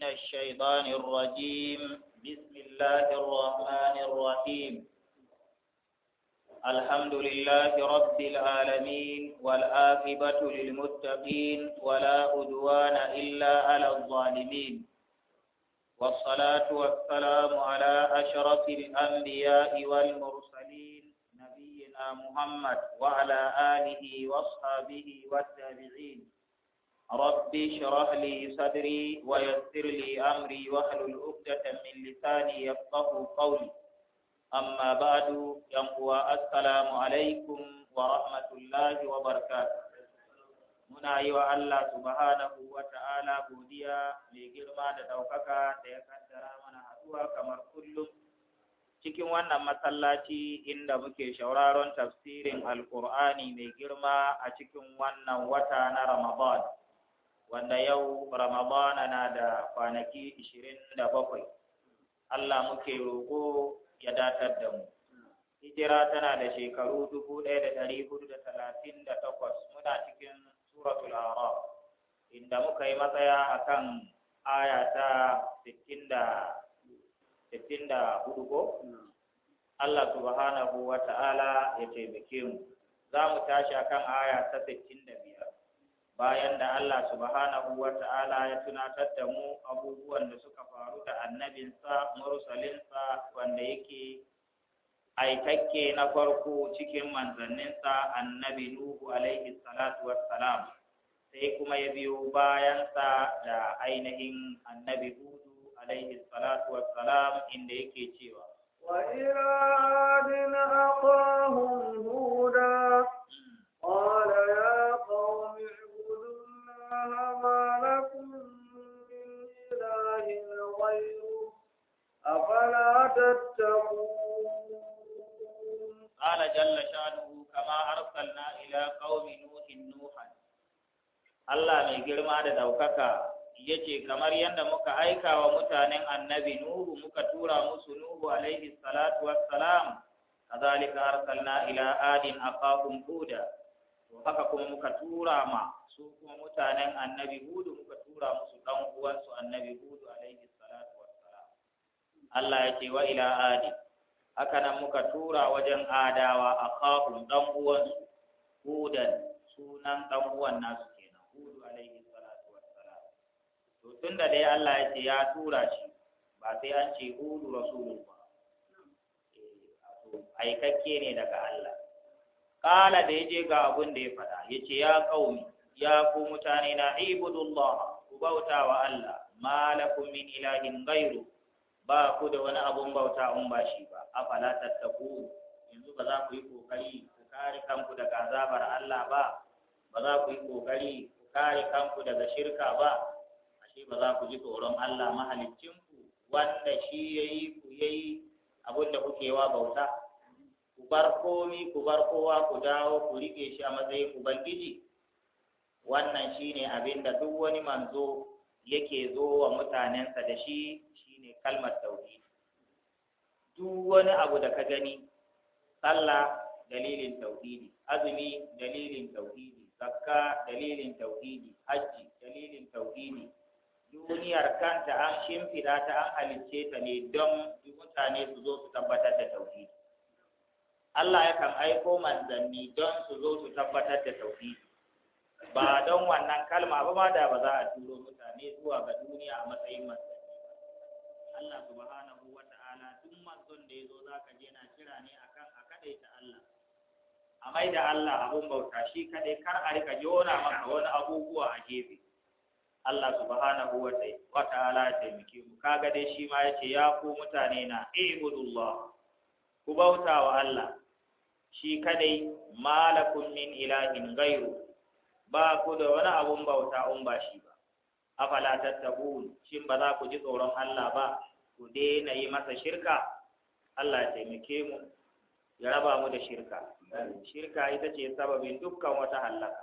من الشيطان الرجيم بسم الله الرحمن الرحيم الحمد لله رب العالمين والآخبة للمتقين ولا أدوان إلا على الظالمين والصلاة والسلام على أشرف الأنبياء والمرسلين نبينا محمد وعلى آله وصحبه والتابعين رب اشرح لي صدري ويسر لي أمري واحلل عقدة من لساني يفقه قولي أما بعد ينقوى السلام عليكم ورحمة الله وبركاته muna yi wa Allah subhanahu wa godiya mai girma da ɗaukaka da ya kaddara mana haɗuwa kamar kullum cikin wannan masallaci inda muke shauraron tafsirin alkur'ani mai girma a cikin wannan wata na Ramadan. wanda yau ramadana na da kwanaki ishirin da bakwai Allah muke roƙo ya datar da mu hijira tana da shekaru dubu ɗaya da ɗari hudu da talatin da takwas muna cikin suratul ara inda muka yi matsaya akan aya ta sittin da ko Allah subhanahu wa ta'ala ya taimake mu za mu tashi akan aya ta sittin da biyar bayan da Allah subhanahu wa ta'ala ya tunatar da mu abubuwan da suka faru da annabinsa mursalinsa wanda yake aikakke na farko cikin manzanninsa annabi Nuhu alaihi salatu wassalam sai kuma ya biyo bayansa da ainihin annabi Hudu alaihi salatu wassalam inda yake cewa wa ila aqahum huda hmm. qala ya ما لكم من إله غيره أفلا تتقون قال جل شأنه كما أرسلنا إلى قوم نوح نوحا Allah mai girma da ɗaukaka ya ce kamar yadda muka aika wa mutanen annabi Nuhu muka tura musu Nuhu alaihi salatu wassalam kazalika arsalna ila adin aqaqum huda to haka kuma muka tura ma su kuma mutanen annabi hudu muka tura musu dan uwansu annabi hudu alaihi salatu wassalam Allah ya ce wa ila adi haka nan muka tura wajen adawa kafin dan uwansu hudan sunan dan uwan nasu kenan hudu alaihi salatu wassalam to tunda dai Allah ya ce ya tura shi ba sai an ce hudu rasulullah eh, aikakke ne daga Allah kala da ya je ga abin da ya faɗa yace ya qaumi ya ku mutane na ibudullah ku bauta wa Allah malakum min ilahin ghairu ba ku da wani abun bauta in ba shi ba afala tattaku yanzu ba za ku yi kokari ku kare kanku daga azabar Allah ba ba za ku yi kokari ku kare kanku daga shirka ba ashe ba za ku ji tsoron Allah ku wanda shi yayi ku yayi abin da kuke wa bauta ku bar komi ku bar kowa ku dawo ku rike shi a matsayin ubangiji wannan shine abin da duk wani manzo yake zo wa mutanensa da shi shine kalmar tauhi duk wani abu da ka gani sallah dalilin tauhidi azumi dalilin tauhidi zakka dalilin tauhidi hajji dalilin tauhidi duniyar kanta an shimfiɗa ta an halicce ta ne don mutane su zo su tabbatar da tauhidi Allah ya kan aiko manzanni don su zo su tabbatar da tauhidi ba don wannan kalma ba ba da ba za a turo mutane zuwa ga duniya a matsayin manzanni Allah subhanahu wa ta'ala duk manzon da ya zo za ka je na kira ne akan a kaɗai ta Allah a mai da Allah abun bauta shi kaɗai kar a rika jona maka wani abubuwa a gefe Allah subhanahu wa ta'ala ya taimake mu kaga dai shi ma yace ya ku mutane na ibudullah ku bauta wa Allah shi kadai malakun min ilahin gairu ba ku da wani abun bauta in ba shi ba afala tattabun shin ba za ku ji tsoron Allah ba ku daina yi masa shirka Allah ya taimake mu ya raba mu da shirka shirka ita ce sababin dukkan wata halaka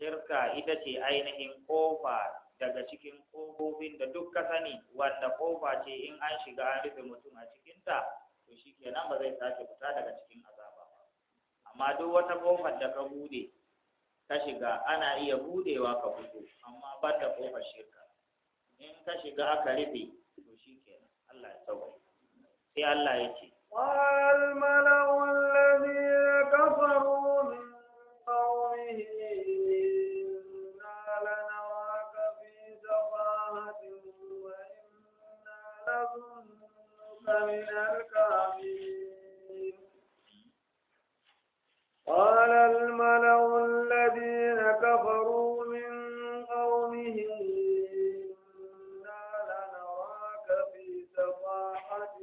shirka ita ce ainihin kofa daga cikin kofofin da duk ka sani wanda kofa ce in an shiga an rufe mutum a cikinta to shi kenan ba zai sake fita daga cikin azaba ba amma duk wata kofar da ka bude ka shiga ana iya budewa ka fito amma ban da kofar shirka in ka shiga aka rufe to shi Allah ya sauka sai Allah ya ce قال الذين كفروا من قومه من الكاذبين قال الملأ الذين كفروا من قومه إنا لنراك في سفاحة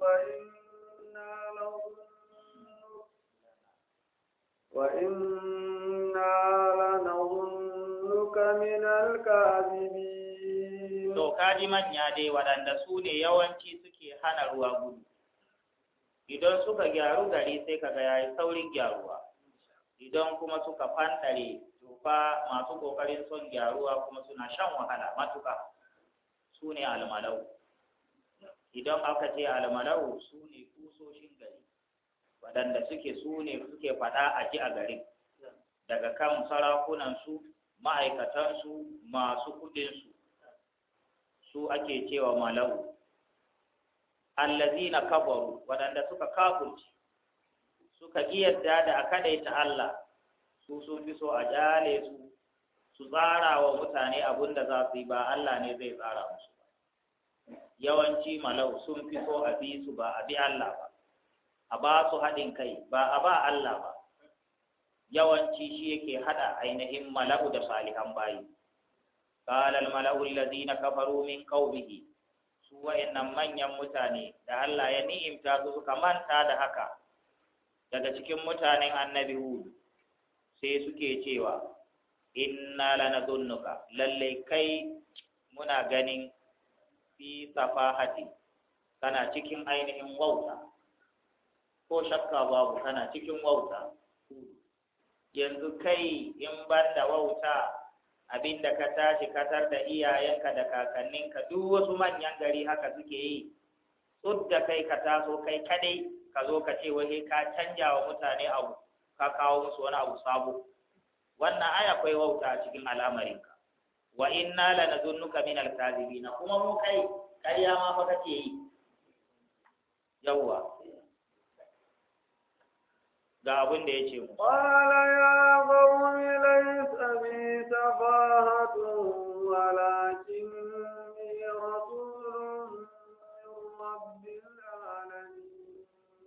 وإنا لنظنك وإنا لنظنك من الكاذبين ji manya dai waɗanda su ne yawanci suke hana ruwa gudu idan suka gyaru gari sai kaga ya saurin gyaruwa idan kuma suka fantare tufa masu ƙoƙarin son gyaruwa kuma suna shan wahala matuka su ne almalau idan aka ce almalau su ne kusoshin gari waɗanda suke su ne suke faɗa a ji a garin daga kan sarakunansu ma'aikatansu masu kuɗinsu su ake cewa malahu allazina kabaru waɗanda suka kafurci suka yadda da a kaɗaita Allah su sun fi so a jale su su tsara wa mutane abin da za su yi ba Allah ne zai tsara musu ba yawanci malau sun fi so a bi su ba a bi Allah ba a ba su haɗin kai ba a ba Allah ba yawanci shi yake haɗa ainihin malau da salihan bayi قال الملأ الذين كفروا من قومه su wa'annan manyan mutane da Allah ya ni'imta su suka manta da haka daga cikin mutanen annabi Hud sai suke cewa inna lanadhunnuka lalle kai muna ganin fi safahati kana cikin ainihin wauta ko shakka babu kana cikin wauta yanzu kai in ban da wauta Abin da ka tashi katar da iyayenka da kakanninka duk wasu manyan gari haka suke yi da kai ka taso kai kadai ka zo ka ce wai ka canja wa mutane abu ka kawo musu wani abu sabo wannan ai akwai wauta a cikin al'amarinka wa inna nazunnuka min alkazibina kuma mu kai kariya ma fa kake yi yawwa ga abin da yake mu qala ya qawmi laysa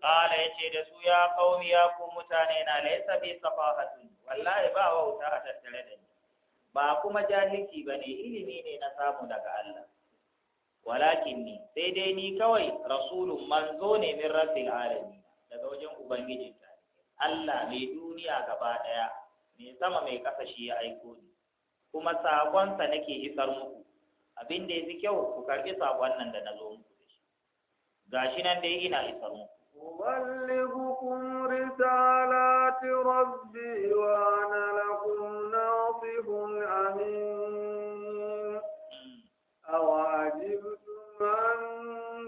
ya yace da su ya qaumi ya ku mutane na laysa bi safahatun wallahi ba wauta a tattare da ni ba kuma jahilci ne. ilimi ne na samu daga Allah walakin ni sai dai ni kawai rasulun manzo ne min rabbil alamin daga wajen ubangijin Allah mai duniya gaba daya mai sama mai kasa shi ya aiko ni kuma sakonsa nake isar muku abin da yafi kyau ku karbi sakon nan da nazo muku da shi gashi nan dai ina isar muku أبلغكم رسالات ربي وأنا لكم ناصح أمين أوعجبتم أن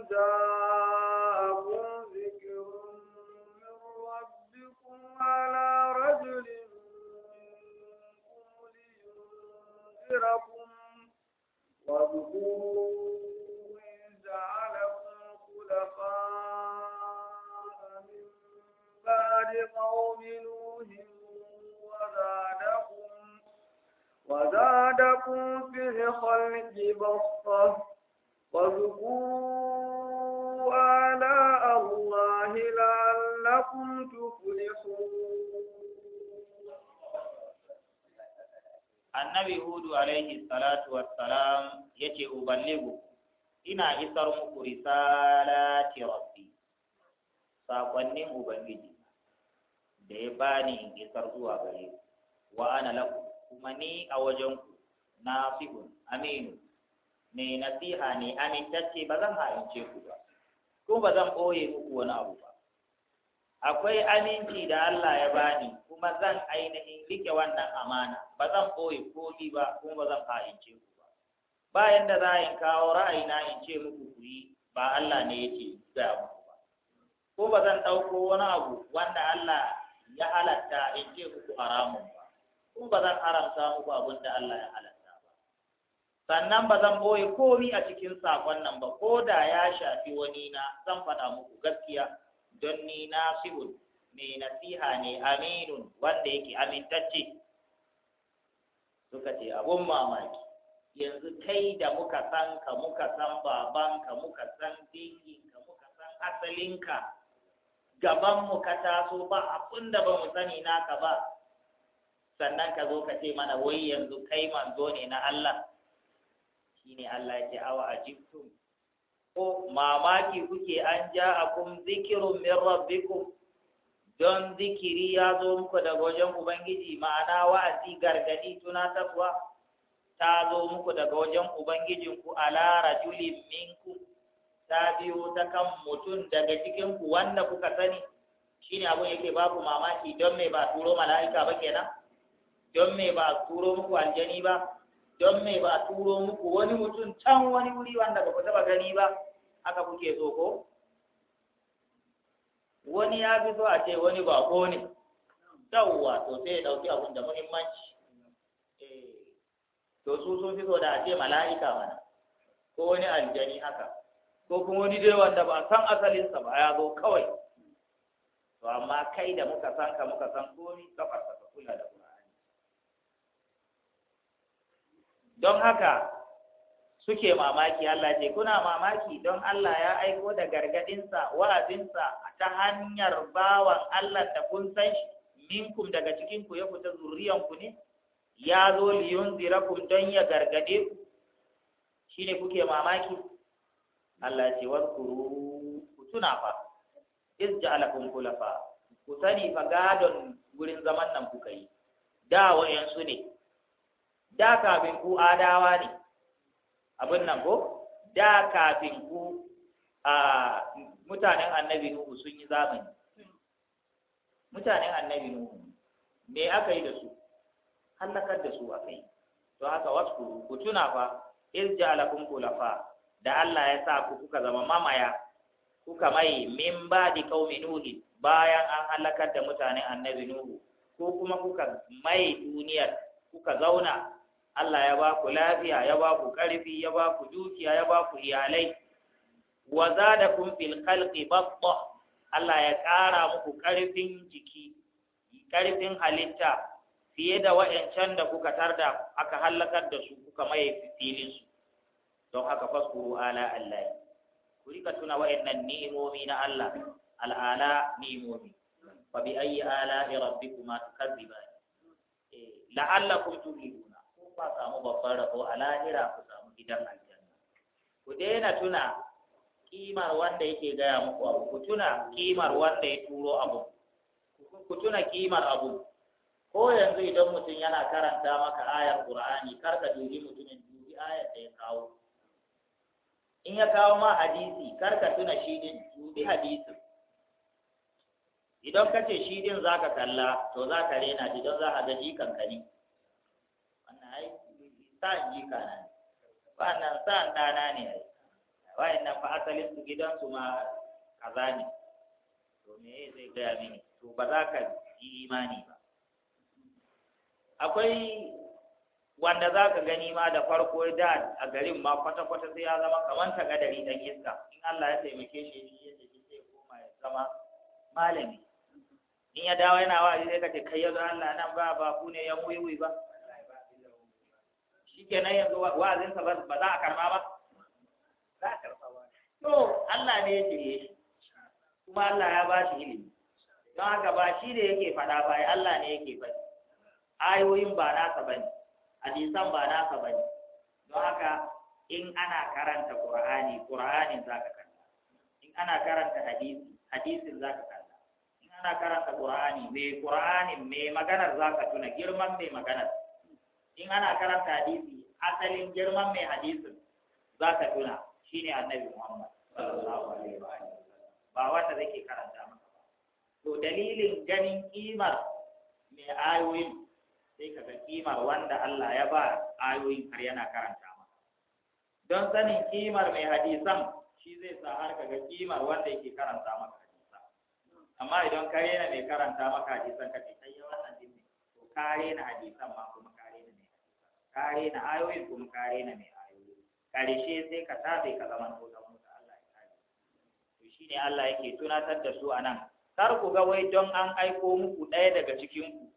جاءكم ذكر من ربكم على رجل منكم لينذركم واذكروا لقوم نوح وزادكم وزادكم في الخلق بسطة واذكروا آلاء الله لعلكم تفلحون Annabi Hudu alaihi salatu wassalam ya ce, ina isar muku risalati rabbi, saƙonnin Ubangiji. da ya bani in isar zuwa gare ku wa ana la kuma ni a wajen ku na nasihun aminu ne nasiha ne amintacce ba zan halince ku ba ko ba zan ɓoye muku wani abu ba akwai aminci da Allah ya bani kuma zan ainihin rike wannan amana ba zan ɓoye komi ba kuma ba zan halince ku ba bayan da za in kawo ra'ayina in ce muku ku yi ba Allah ne yake gaya muku ba ko ba zan ɗauko wani abu wanda Allah ya halatta in ce muku haramun ba kun ba zan haramta muku abin da Allah ya halatta ba sannan ba zan boye komi a cikin sakon nan ba ko da ya shafi wani na zan faɗa muku gaskiya don ni na nasibun mai nasiha ne aminun wanda yake amintacce suka ce abun mamaki yanzu kai da muka san ka muka san babanka muka san dinginka muka san asalinka gabanmu ka taso ba abin da ba mu sani naka ba sannan ka zo ka ce mana wai yanzu kai manzo ne na Allah shine Allah ya ce awa ajibtum ko mamaki kuke an ja kun zikirun min rabbikum don zikiri ya zo muku daga wajen ubangiji ma'ana wa'azi gargadi tunatarwa ta zo muku daga wajen ubangijinku ala rajulin minkum ta biyo ta kan mutum daga cikin ku wanda kuka sani shine abun yake babu mamaki don me ba turo mala'ika ba kenan don me ba turo muku aljani ba don me ba turo muku wani mutum can wani wuri wanda ba ku taba gani ba haka kuke so ko wani ya fi so a ce wani ko ne yawwa to sai ya ɗauki abun da muhimmanci eh, to su sun fi so da a ce mala'ika mana ko wani aljani haka ko kuma wani dai wanda ba san asalinsa ba ya zo kawai to amma kai da muka san ka muka san komi kafar ka kula da Qur'ani don haka suke mamaki Allah ce kuna mamaki don Allah ya aiko da gargadinsa wa'azinsa ta hanyar bawan Allah da kun san shi minkum daga cikin ku ya fita zuriyan ku ne ya zo liyun zirakum don ya gargade ku shine kuke mamaki Allah ya ce waskuru ku tuna fa iz ja'alakum khulafa ku sani fa gadon gurin zaman nan kuka yi da wayansu ne da kafin ku adawa ne abin nan ko da kafin ku a mutanen annabi nuhu sun yi zamani mutanen annabi nuhu me aka yi da su halakar da su aka yi to haka wasu ku tuna fa iz kula khulafa da Allah ya sa ku kuka zama mamaya kuka mai min ba di qaumi nuhi bayan an halakar da mutane annabi nuhu ko kuma kuka mai duniyar kuka zauna Allah ya ba ku lafiya ya ba ku karfi ya ba ku dukiya ya ba ku iyalai wa zadakum fil khalqi batta Allah ya ƙara muku ƙarfin jiki karfin halitta fiye da wa'ancan da kuka tarda aka halakar da su kuka mai filin su don haka faskuru ala Allah ku rika tuna wa'annan ni'imomi na Allah al'ala ni'imomi fa bi ayyi ala rabbikuma tukazziban eh la'allakum tuflihuna ko ba samu babban rabo a lahira ku samu gidan aljanna ku daina tuna kimar wanda yake gaya muku abu ku tuna kimar wanda ya turo abu ku tuna kimar abu ko yanzu idan mutum yana karanta maka ayar qur'ani kar ka dubi mutumin dubi ayar da ya kawo in ya kawo ma hadisi kar ka tuna shi din dubi hadisin idan ka ce shi din za ka kalla to za ka rena idan za a ga jikan ka ne wannan ai sa'an jika na ne wannan sa'an ɗana ne ai wa'in nan fa asalin su gidansu ma kaza ne to me zai gaya mini to ba za ka yi imani ba akwai wanda za ka gani ma da farko da a garin ma kwata-kwata sai ya zama kamar ta gadari dan iska in Allah ya taimake shi shi ya shi sai koma ya zama malami in ya dawo yana wa'azi zai kace kai yanzu Allah nan ba ba ku ne yan wuiwui ba kenan yanzu wa'azin sa ba za a karba ba za a karba ba to Allah ne ya jire shi kuma Allah ya ba shi ilimi don haka ba shi ne yake faɗa ba Allah ne yake faɗi ayoyin ba nasa bane hadisan ba naka ba ne don haka in ana karanta ƙur'ani ƙur'anin za ka kalla in ana karanta hadisi hadisin za ka kalla in ana karanta ƙur'ani mai ƙur'anin mai maganar za ka tuna girman mai maganar in ana karanta hadisi asalin girman mai hadisin za ka tuna shine annabi muhammad sallallahu alaihi wa ba wanda zake karanta maka ba to dalilin ganin ƙimar mai ayoyin sai ka ga kimar wanda Allah ya ba ayoyin har yana karanta ma don sanin kimar mai hadisan shi zai sa har ka ga kimar wanda yake karanta maka hadisa. amma idan ka rena mai karanta maka hadisan ka ce kai ya wannan din ne to ka rena hadisan ma kuma ka rena mai hadisan ka rena ayoyin kuma ka rena mai ayoyi karshe sai ka tabe ka zama to da Allah ya kare to ne Allah yake tunatar da su anan kar ku ga wai don an aiko muku ɗaya daga cikin ku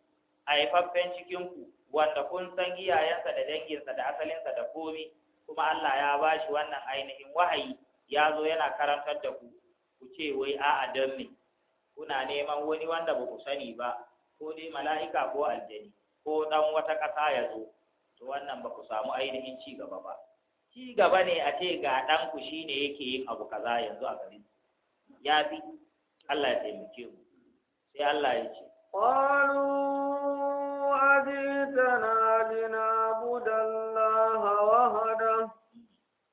a haifaffen cikinku wanda kun san iyayensa da danginsa da asalinsa da komi kuma Allah ya ba shi wannan ainihin wahayi ya zo yana karantar da ku ku ce wai a'a don me kuna neman wani wanda ba ku sani ba ko dai mala'ika ko aljani ko dan wata ƙasa ya zo to wannan ba ku samu ainihin ci gaba ba ci gaba ne a ce ga ɗanku shi ne yake yin abu kaza yanzu a garin ya fi Allah ya taimake mu sai Allah ya ce qalu ما جئتنا لنعبد الله وحده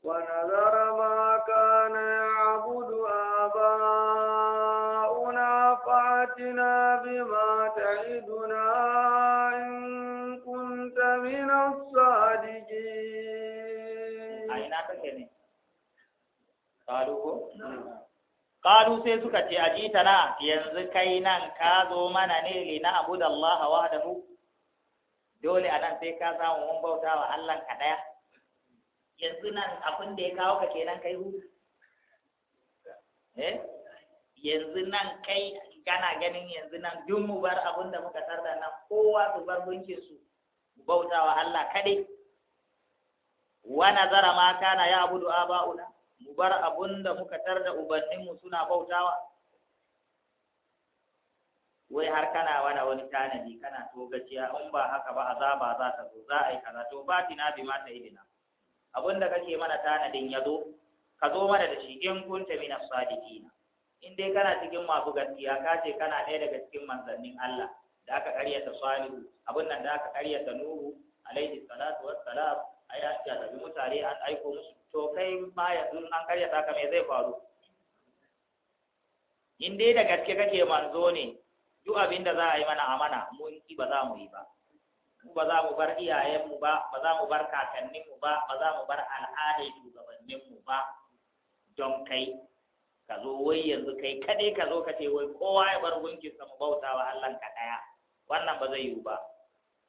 ونذر ما كان يعبد آباؤنا فأتنا بما تعدنا إن كنت من الصادقين Kadu أتكلم قالوا Ƙalu sai suka ce, Ajitana, yanzu kai nan ka zo mana ne li na abu da Allah wa wahdahu dole a nan sai ka samu mun bauta wa Allah ka daya yanzu nan abin da ya kawo ka kenan kai hu eh yanzu nan kai kana ganin yanzu nan duk mu bar abin da muka tarda nan kowa su bar gunkin su bauta wa Allah kadai wa nazara ma kana ya abudu aba'una mu bar abin da muka tarda ubannin mu suna bautawa wai har kana wani wani tanadi kana to gaciya in ba haka ba azaba za ta zo za a yi kaza to tina bi ma ta idina abin da kake mana tanadin ya zo ka zo mana da shi in kunta ta as-sadiqin in dai kana cikin masu gaskiya ka ce kana ɗaya daga cikin manzannin Allah da aka ƙaryata salihu abin nan da aka ƙaryata nuhu alaihi salatu wassalam ai an jarabi mutane an aiko musu to kai ma yanzu an ƙaryata ka me zai faru in dai da gaske kake manzo ne duk abin da za a yi mana amana mun ki ba za mu yi ba mu ba za mu bar iyayenmu ba ba za mu bar kakanninmu ba ba za mu bar al'adar shugabanninmu ba don kai ka zo wai yanzu kai kaɗai ka zo ka ce wai kowa ya bar gunkinsa mu bauta wa Allah ka ɗaya wannan ba zai yiwu ba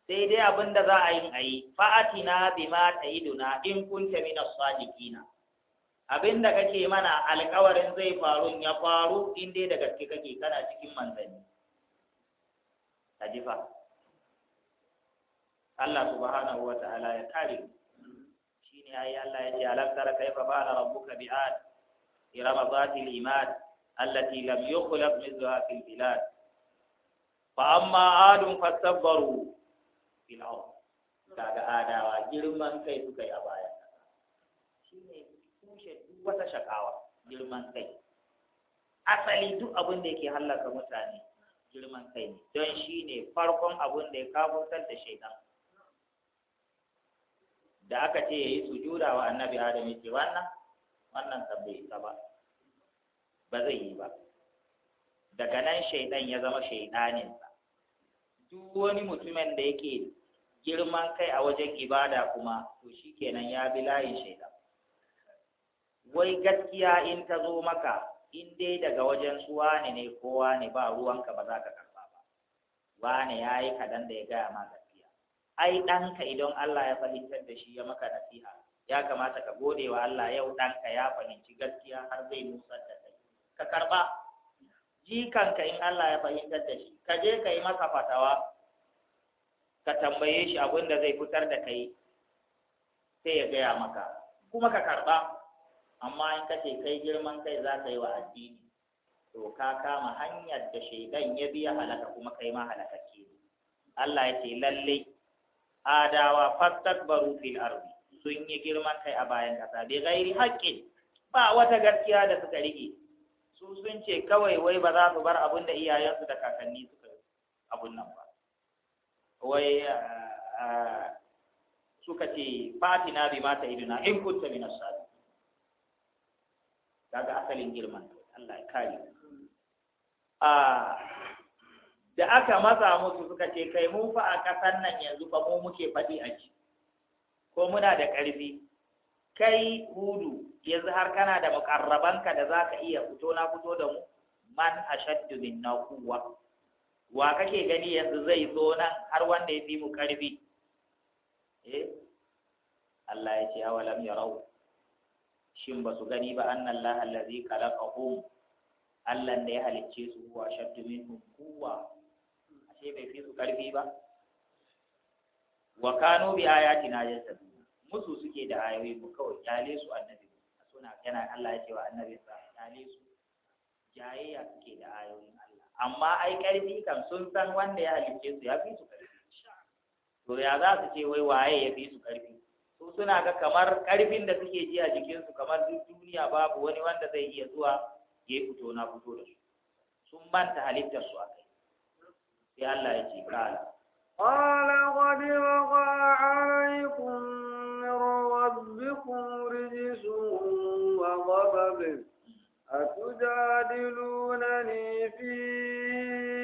sai dai abin da za a yi a yi fa'atina yi duna in kunta min as-sadiqina abin da kake mana alƙawarin zai faru ya faru in dai da gaske kake kana cikin manzanni hadifa Allah subhanahu wa ta'ala ya kare shine ayi Allah ya ce alam tara kayfa fa'ala rabbuka bi'ad irama zatil imad allati lam yukhlaq mithluha fil bilad fa amma adun fastakbaru fil ard kaga adawa girman kai suka yi a baya shine kushe duk wata shakawa girman kai asali duk abin da yake hallaka mutane girman kai ne don shi ne farkon abun da ya kafurtar da shaitan da aka ce ya yi sujuda wa annabi adam ya ce wannan wannan kan bai isa ba ba zai yi ba daga nan shaitan ya zama sa duk wani mutumin da yake girman kai a wajen ibada kuma to shi kenan ya bi layin shaitan wai gaskiya in ta zo maka in dai daga wajen su wane ne kowa ne ba ruwanka ba za ka karba ba wane ya yi kaɗan da ya gaya ma gaskiya ai ɗanka idan Allah ya fahimtar da shi ya maka nasiha ya kamata ka gode wa Allah yau ɗanka ya fahimci gaskiya har zai nutsar da kai ka karba jikanka in Allah ya fahimtar da shi ka je ka yi masa fatawa ka tambaye shi abin da zai fitar da kai sai ya gaya maka kuma ka karɓa. amma in ka ce kai girman kai za ka yi wa addini to ka kama hanyar da shaidan ya biya halaka kuma kai ma halakakke ne Allah ya ce lalle adawa baru fil ardi sun yi girman kai a bayan kasa bai gairi haƙƙin ba wata gaskiya da suka rike su sun ce kawai wai ba za su bar abin da iyayensu da kakanni suka abun nan ba wai ah, ah, suka ce fatina bi mata iduna in kunta min daga asalin girman Allah ya kare da aka matsa musu suka ce kai mun fa a ƙasar nan yanzu ba mu muke faɗi a ci ko muna da ƙarfi kai hudu yanzu har kana da muƙarrabanka da za ka iya fito na fito da mu man ashaddu na kuwa. wa kake gani yanzu zai zo nan har wanda ya fi mu ƙarfi eh Allah ya ce awalam yarau shin ba su gani ba annan lahallazi kalaqahum Allah da ya halicce su huwa min hukuwa a ce bai fi su karfi ba wa kano bi ayatina sabi musu suke da ayoyi mu kawai kyale su annabi suna yana Allah ya ce wa annabi sa kyale su jayayya suke da ayoyin Allah amma ai karfi kam sun san wanda ya halicce su ya fi su karfi to ya za su ce wai waye ya fi su karfi suna ga kamar ƙarfin da suke ji a jikinsu kamar duk duniya babu wani wanda zai iya zuwa ya yi fito na fito da su sun manta halittar su a kai sai Allah ya ce kala qala qad waqa alaykum min rabbikum rijsun wa ghadab atujadilunani fi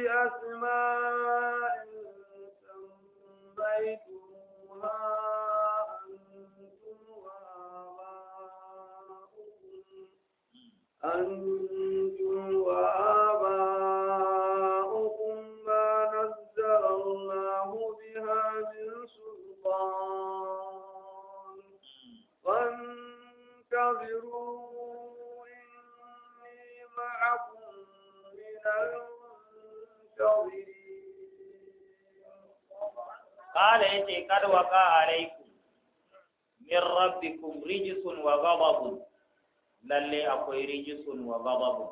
asma'in sammayt أنتم وآباؤكم ما نزل الله بها من سلطان فانتظروا إني معكم من المنتظرين قال يتي قد وقع عليكم من ربكم رجس وغضب lalle akwai rijisun wa gababu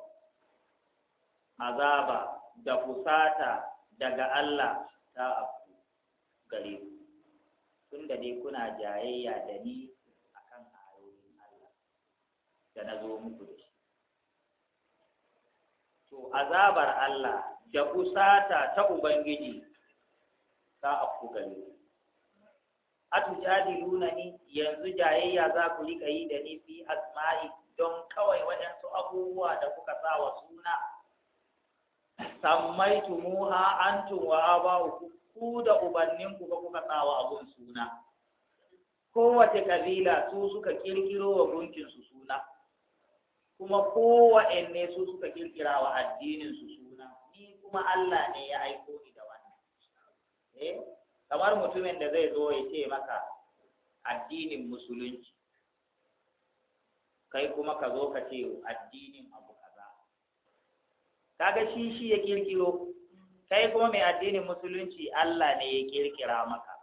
azaba da fusata daga Allah ta afu gare ku tun da dai kuna jayayya da ni akan ayoyin Allah da na zo muku da shi to azabar Allah da fusata ta Ubangiji ta afu gare ku atujadiluna ni yanzu jayayya za ku rika yi da ni fi asma'i don kawai waɗansu abubuwa da kuka sa wa suna sammaitumuha antum wa aba'ukum ku da ubanninku ba kuka sa wa abun suna kowace kabila su suka kirkiro wa gunkinsu suna kuma kowanne su suka kirkira wa addininsu suna ni kuma Allah ne ya aiko ni da wannan eh kamar mutumin da zai zo ya ce maka addinin musulunci kai kuma ka zo ka ce addinin abu kaza kaga shi shi ya kirkiro kai kuma mai addinin musulunci Allah ne ya kirkira maka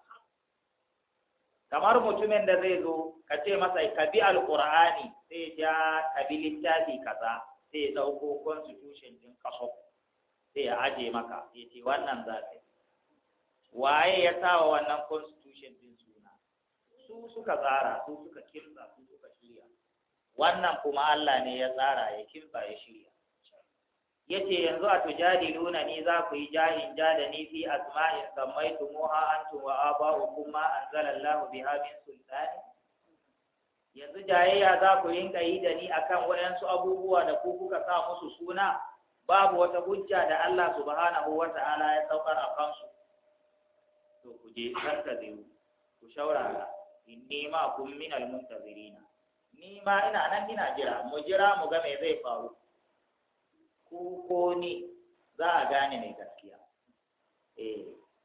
kamar mutumin da zai zo ka ce masa ka bi alqur'ani sai ja ka bi littafi kaza sai ya dauko constitution din kaso sai ya aje maka ya ce wannan za ka yi waye ya sa wa wannan constitution din suna su suka tsara su suka kirsa su suka wannan kuma Allah ne ya tsara ya kimba ya shirya yace yanzu a tujadiluna ni za ku yi jahin jada ni fi asma'in muha antu wa aba'ukum ma anzalallahu biha min sultani yanzu jayayya za ku rinka yi da ni akan waɗansu abubuwa da ku kuka sa musu suna babu wata hujja da Allah subhanahu wa ta'ala ya saukar a kansu to ku je karka ku shaurara inni ma kun min al-muntazirina ni ma ina nan ina jira mu jira mu ga me zai faru ku ko ni za a gane mai gaskiya eh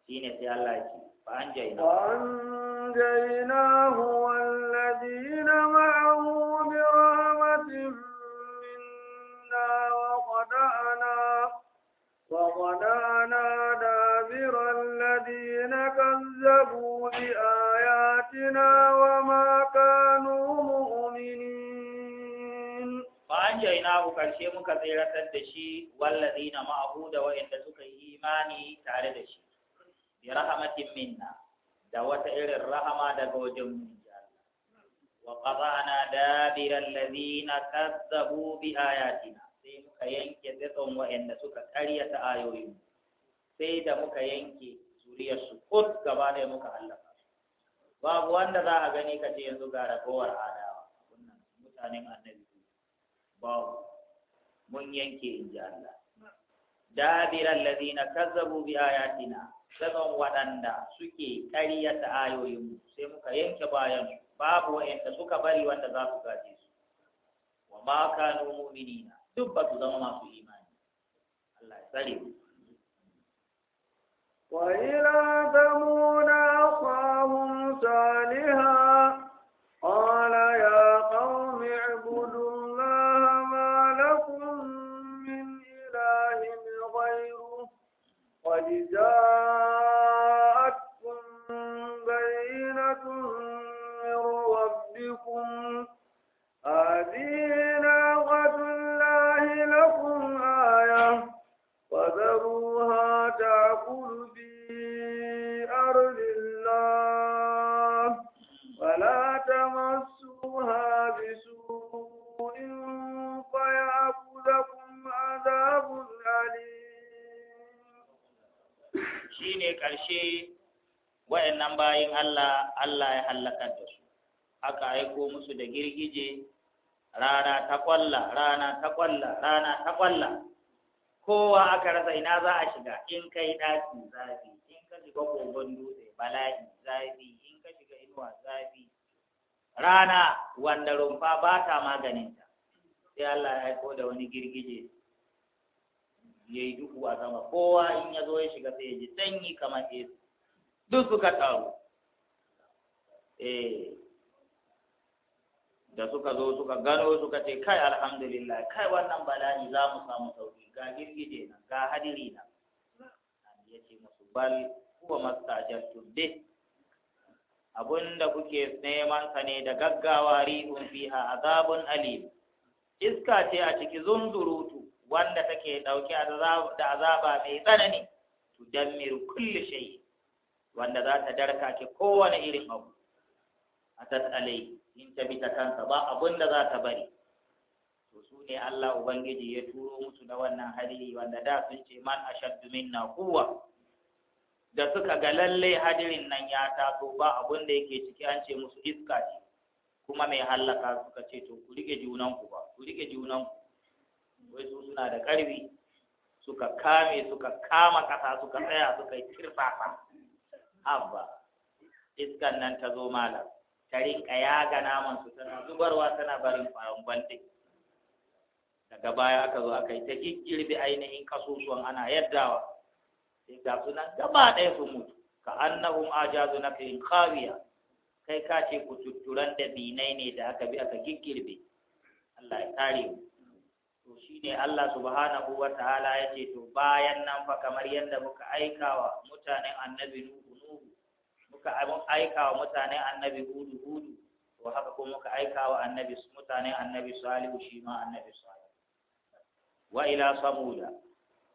shine sai Allah ya ce fa an jaina anjaynahu walladina ma'ahu bi rahmatin minna wa qada'na wa qada'na dabira alladina kazzabu bi ayatina wa ma kanu العاملين فأنجيناه كرشي muka tseratar da shi wallazina ma'ahu da wa'anda suka yi imani tare da shi bi rahmatin minna da wata irin rahama daga wajen mu wa qata'na dabira allazina kazzabu bi ayatina sai muka yanke tsatson wa'anda suka karyata ayoyin sai da muka yanke zuriyar su gaba da muka halaka babu wanda za a gani kace yanzu ga ragowar ada mutanen annabi ba mun yanke in ji Allah dabiran lazina kazzabu bi ayatina zagon waɗanda suke ayoyin mu sai muka yanke bayan babu wanda suka bari wanda za su gaje su wa ma kanu mu'minina duk ba zama masu imani Allah ya tsare mu wa ila tamuna ne ƙarshe wayannan bayan Allah Allah ya hallakar da su aka aiko musu da girgije rana ta kwalla rana ta kwalla rana ta kwalla kowa aka rasa ina za a shiga in kai ɗaki zafi in ka shiga kogon dutse bala'i zafi in ka shiga inuwa zafi rana wanda rumfa ba ta maganinta sai Allah ya aiko da wani girgije ya yi duhu a sama kowa in ya zo ya shiga sai ya ji sanyi kamar esu duk suka taru eh, da suka zo suka gano suka ce kai alhamdulillah kai wannan bala'i za mu samu sauki ga girgije na ga hadiri na ya ce musu bal kuwa tunde abun da kuke neman sa ne da gaggawa rihun fiha azabun alim iska ce a ciki zunzurutu wanda take dauke da azaba mai tsanani tudammiru kulli shay wanda za ta darka ke kowane irin abu a tasalai in ta bi ta kansa ba abun da za ta bari to su ne Allah Ubangiji ya turo musu da wannan hali wanda da sun ce man ashaddu minna quwwa da suka ga lalle hadirin nan ya taso ba abun da yake ciki an ce musu iska ce kuma mai hallaka suka ce to ku rike junan ku ba ku rike junan wai su suna da ƙarfi suka kame suka kama ƙasa suka tsaya suka yi tirfasa abba iskan nan ta zo malam ta rinka yaga naman su tana zubarwa tana barin faran bantin daga baya aka zo aka yi ta kirbi ainihin kasusuwan ana yaddawa sai ga nan gaba ɗaya su mutu ka annahum ajazu na kai khawiya kai ka ce ku tutturan da binai ne da aka bi aka ƙirƙirbe. Allah ya tare mu to shi ne Allah subhanahu wa ta'ala ya ce to bayan nan fa kamar yadda muka aikawa mutanen annabi Nuhu Nuhu muka aikawa mutanen annabi Hudu Hudu to haka kuma muka aikawa annabi mutanen annabi Salihu shi ma annabi Salihu wa ila samuda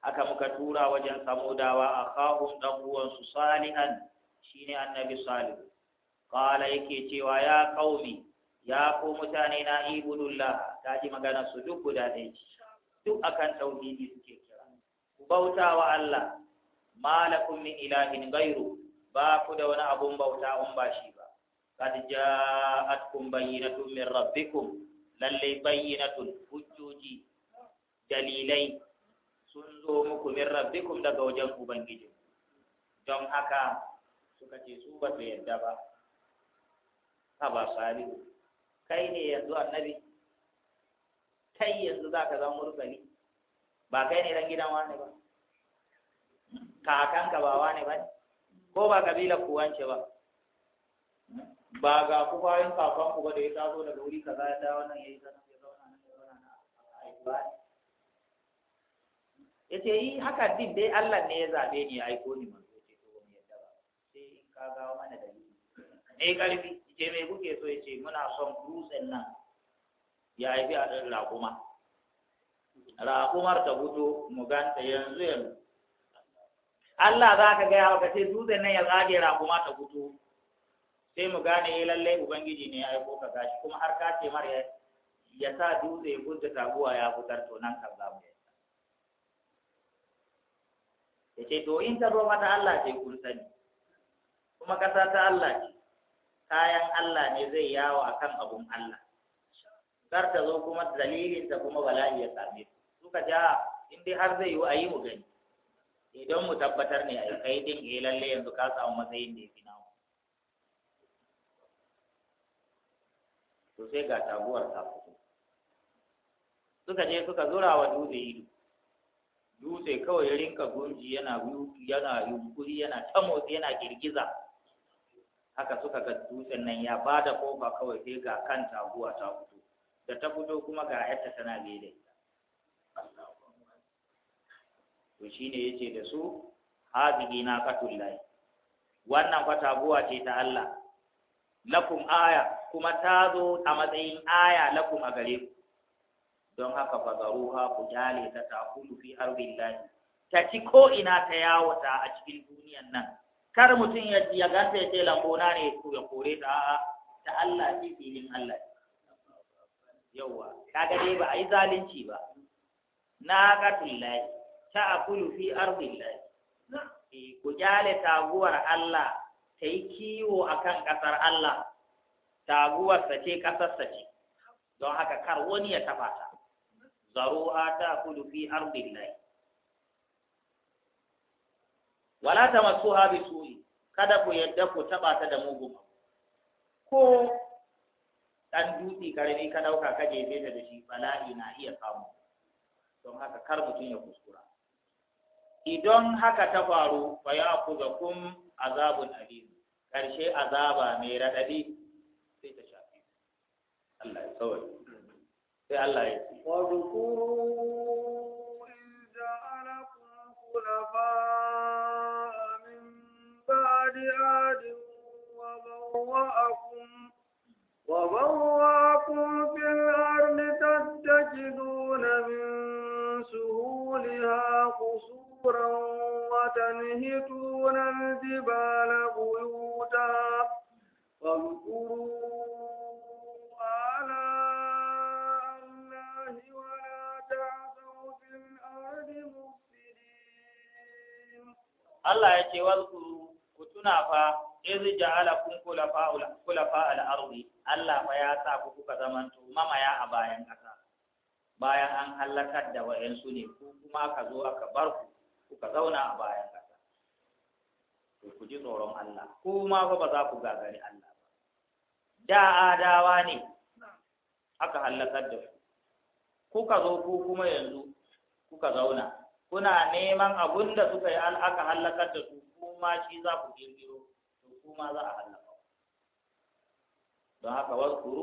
aka muka tura wajen samudawa akhahum dan uwansu salihan ne annabi Salihu qala yake cewa ya qaumi ya ko mutane na ibudullah ta ji magana su duk guda ɗaya ce duk akan tauhidi suke kira ku bauta wa Allah malakum min ilahin ghairu ba ku da wani abun bauta in ba shi ba kad ja'atkum bayyinatun min rabbikum lalle bayyinatun hujjoji dalilai sun zo muku min rabbikum daga wajen ubangiji don haka suka ce su ba su yarda ba ka ba salihu kai ne yanzu annabi kai yanzu za ka zama mursali ba kai ne ran gidan wani ba kakanka ba wani ba ko ba kabila kuwance ba ba ga ku bayan kakan ku ba da ya taso daga wuri kaza ya dawo nan yayi sanan ya zauna nan ya zauna nan a ce yi haka din dai Allah ne ya zabe ni ya aiko ni manzo yace to ban yadda ba sai in ka ga mana dalili ne karfi yace mai kuke so yace muna son dutsen nan ya yi a ɗan raƙuma raƙumar ta fito mu ganta yanzu yanzu Allah za ka gaya wa ce dutsen nan ya zage raƙuma ta fito sai mu gane ya eh, lallai ubangiji ne ya yi ka gashi kuma har ka ce mara ya sa dutse ya ta taguwa ya fitar to nan kan za mu ya ce to in ta zo mata Allah ce kun sani kuma ƙasa ta Allah ce kayan Allah ne zai yawo akan abun Allah kar ta zo kuma dalilin ta kuma bala'i ya same su suka ja in dai har zai yi a yi mu gani idan mu tabbatar ne a kai din eh lalle yanzu ka samu matsayin da ya fi namu to sai ga taguwar ta fito suka je suka zura wa dutse ido dutse kawai ya rinka gunji yana yana yunkuri yana ta motsi yana girgiza haka suka ga dutsen nan ya bada kofa kawai sai ga kan taguwa ta da ta fito kuma ga yarta tana da ita to ya yace da su hadhihi katullahi wannan fata buwa ce ta Allah lakum aya kuma ta zo a matsayin aya lakum a ku don haka fagaruha ku jale ta takulu fi ardillahi ta ci ko ina ta yawata a cikin duniyan nan kar mutum ya ganta ya ce lambona ne ya kore ta a'a ta Allah ce filin Allah ce yawwa kaga dai ba a yi zalunci ba na katullahi ta akulu fi ardillahi eh, ku jale taguwar Allah ta kiwo akan kan ƙasar Allah taguwarsa ce ƙasarsa ce don haka kar wani ya tafa ta zaruha ta akulu fi ardillahi wala ta masu su'i kada ku yadda ku taɓa ta da mugun ko dan dutse karami ka dauka ka jefe ta da shi bala'i na iya samu don haka kar mutum ya kuskura idan haka ta faru fa ya ku kun azabun alim karshe azaba mai radadi sai ta shafi Allah ya tsawai sai Allah ya ce wa dhkuru ja'alakum khulafa min ba'di وبواكم في الأرض تتخذون من سهولها قصورا وتنهتون الجبال بيوتا فاذكروا آلاء الله ولا تعثوا في الأرض مفسدين الله يتوذكروا كتنا فا iz ja'alakum khulafa khulafa al-ardi Allah fa ya sa ku kuka zamanto mamaya a bayan kasa bayan an halakar da su ne ku kuma ka zo aka bar ku kuka zauna a bayan kasa to ku ji tsoron Allah ku ma fa ba za ku gagari Allah ba da adawa ne aka halakar da ku kuka zo ku kuma yanzu kuka zauna kuna neman abun da suka yi aka halakar da su kuma shi za ku girgiro Kuma za a hallaka don haka wasu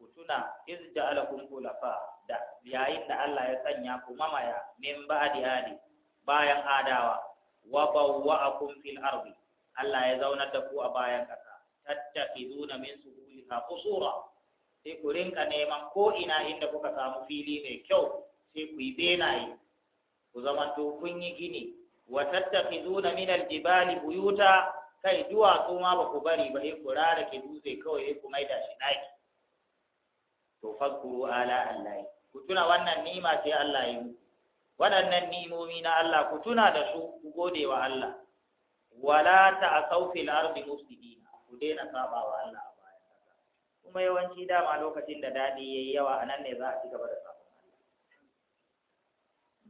ku tuna iz ja'alakum khulafa da yayin da Allah ya sanya ku mamaya min ba'di ali bayan adawa wa bawwa'akum fil ardi Allah ya zauna da ku a bayan kasa tattaqiduna min suhuliha qusura sai ku rinka neman ko ina inda kuka samu fili mai kyau sai ku yi benaye ku to kun yi gini wa tattaqiduna min al jibali buyuta kai duwatsu ma ba ku bari ba ku rara ke dutse kawai ku da shi ki. to fakuru ala Allah ku tuna wannan nima ce Allah ya muku waɗannan nimomi na Allah ku tuna da su ku gode wa Allah wala ta'asau fil ardi mufsidina ku daina saba wa Allah a bayan kasa kuma yawanci dama lokacin da dadi yayi yawa anan ne za a ci gaba da sabon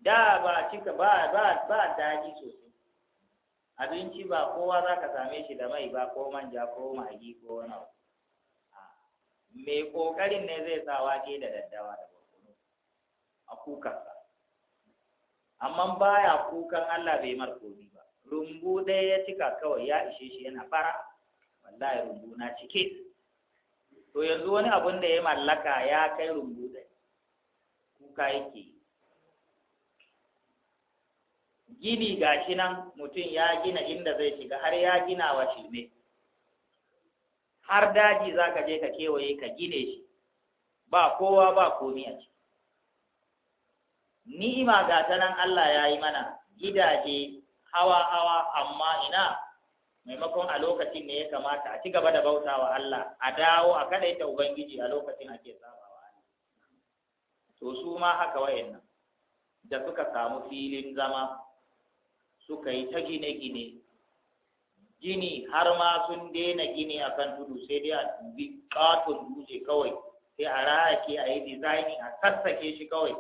da ba cika ba ba ba daji sosai abinci ba kowa za ka same shi da mai ba ko manja ko magi ko wani mai ƙoƙarin ne zai sa wake da daddawa da barkono a kukansa amma baya kukan Allah bai markobi ba rumbu ɗaya ya cika kawai ya ishe shi yana fara wallahi rumbu na cike to yanzu wani abun da ya mallaka ya kai rumbu ɗaya kuka yake yi. gini ga shi nan mutum ya gina inda zai shiga har ya gina wa shirme har daji za ka je ka kewaye ka gine shi ba kowa ba komi a ciki ni'ima ga ta nan Allah ya yi mana gidaje hawa-hawa amma ina maimakon a lokacin ne ya kamata a ci gaba da bauta wa Allah a dawo a ta Ubangiji a lokacin ake sabawa to su ma haka wayannan da suka samu filin zama suka yi ta gine-gine gini har ma sun daina gini a kan tudu sai dai a dubi katon dutse kawai sai a rake a yi dizaini a sassake shi kawai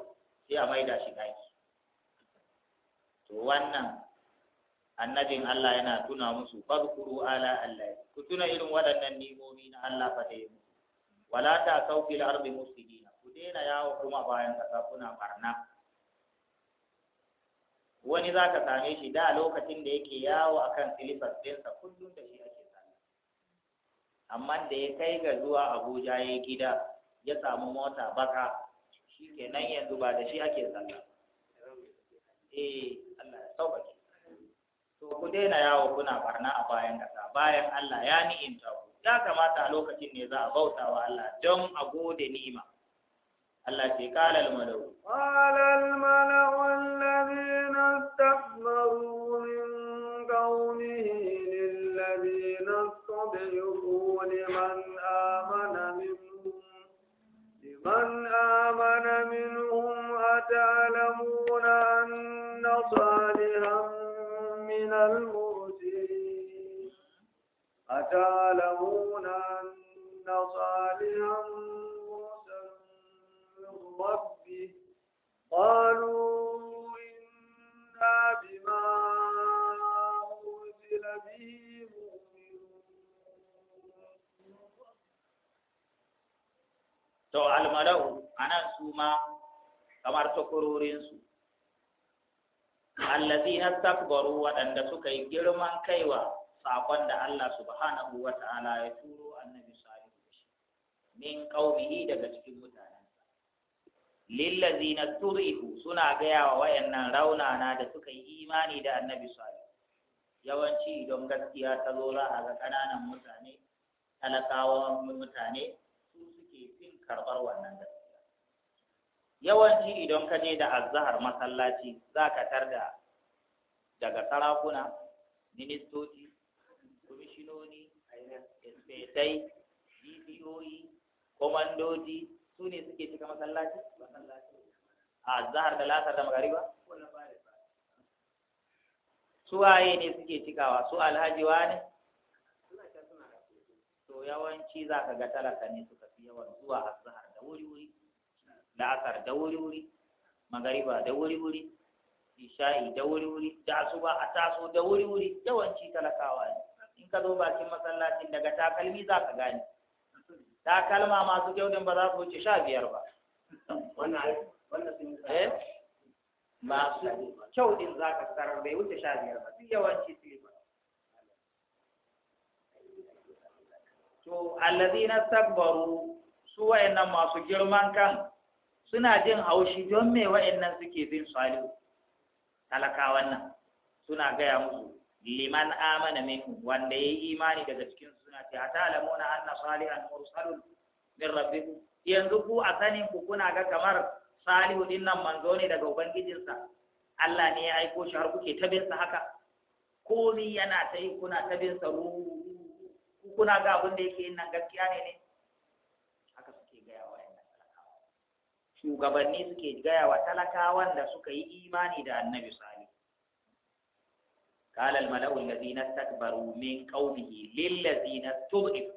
sai a maida shi daki to wannan annabin Allah yana tuna musu fadkuru ala Allah ku tuna irin waɗannan nimomi na Allah fa yi musu wala ta sauki fil ardi mufsidina ku daina yawo kuma bayan kasa kuna barna wani za ka same shi da lokacin da yake yawo a kan silifas ɗinsa kullum da shi ake sami amma da ya kai ga zuwa abuja ya gida ya samu mota baka shi ke nan yanzu ba da shi ake sanda. eh Allah ya sauƙaƙe to ku daina yawo kuna barna a bayan ƙasa bayan Allah ya ni'imta ku ya kamata a lokacin ne za a bauta wa Allah don a gode ni'ima Allah ce "Kalal al-malau malau يصدقوا آمن منهم أتعلمون أن صالحا من المرسلين أتعلمون أن صالحا من ربه قالوا to almalau ana su ma kamar takwarorinsu na takbaru waɗanda suka yi girman kaiwa sakon da Allah subhanahu wa ta'ala ya turo annabi salihu min qaumihi daga cikin Lillazi na turihu suna gaya wa wayannan raunana da suka yi imani da annabi salihu yawanci don gaskiya ta zo za a ga ƙananan mutane talakawan mutane karɓar wannan gaskiya yawanci idan ka je da azahar masallaci za ka tar da daga sarakuna ministoci komishinoni inspectai dpoe komandoji su ne suke cika masallaci a zahar da lasar da magariba su waye ne suke cikawa su alhaji ne to yawanci za ka ga talaka ne su yawan zuwa azhar da wuri-wuri la'asar da wuri-wuri magariba da wuri-wuri isha'i da wuri-wuri da asuba a taso da wuri-wuri yawanci talakawa ne in ka zo bakin masallacin daga takalmi za ka gane takalma masu kyau din ba za su wuce sha biyar ba eh? masu kyau din za ka sarar bai wuce sha biyar ba duk yawanci silifas to allazina takbaru su wayannan masu girman kan suna jin haushi don me wayannan suke bin salihu talakawan nan suna gaya musu liman amana min wanda yayi imani daga cikin suna ce atalamuna anna salihan mursalun min rabbikum yanzu ku a sanin ku kuna ga kamar salihu din nan manzo ne daga ubangijinsa Allah ne ya aiko shi har kuke tabin sa haka komi yana ta yi kuna tabin sa ruhu kuna ga abin da yake yin nan gaskiya ne ne haka suke gaya wa yan talakawa shugabanni suke gaya wa talakawan da suka yi imani da annabi salih قال الملأ takbaru min من lil ladina استضعفوا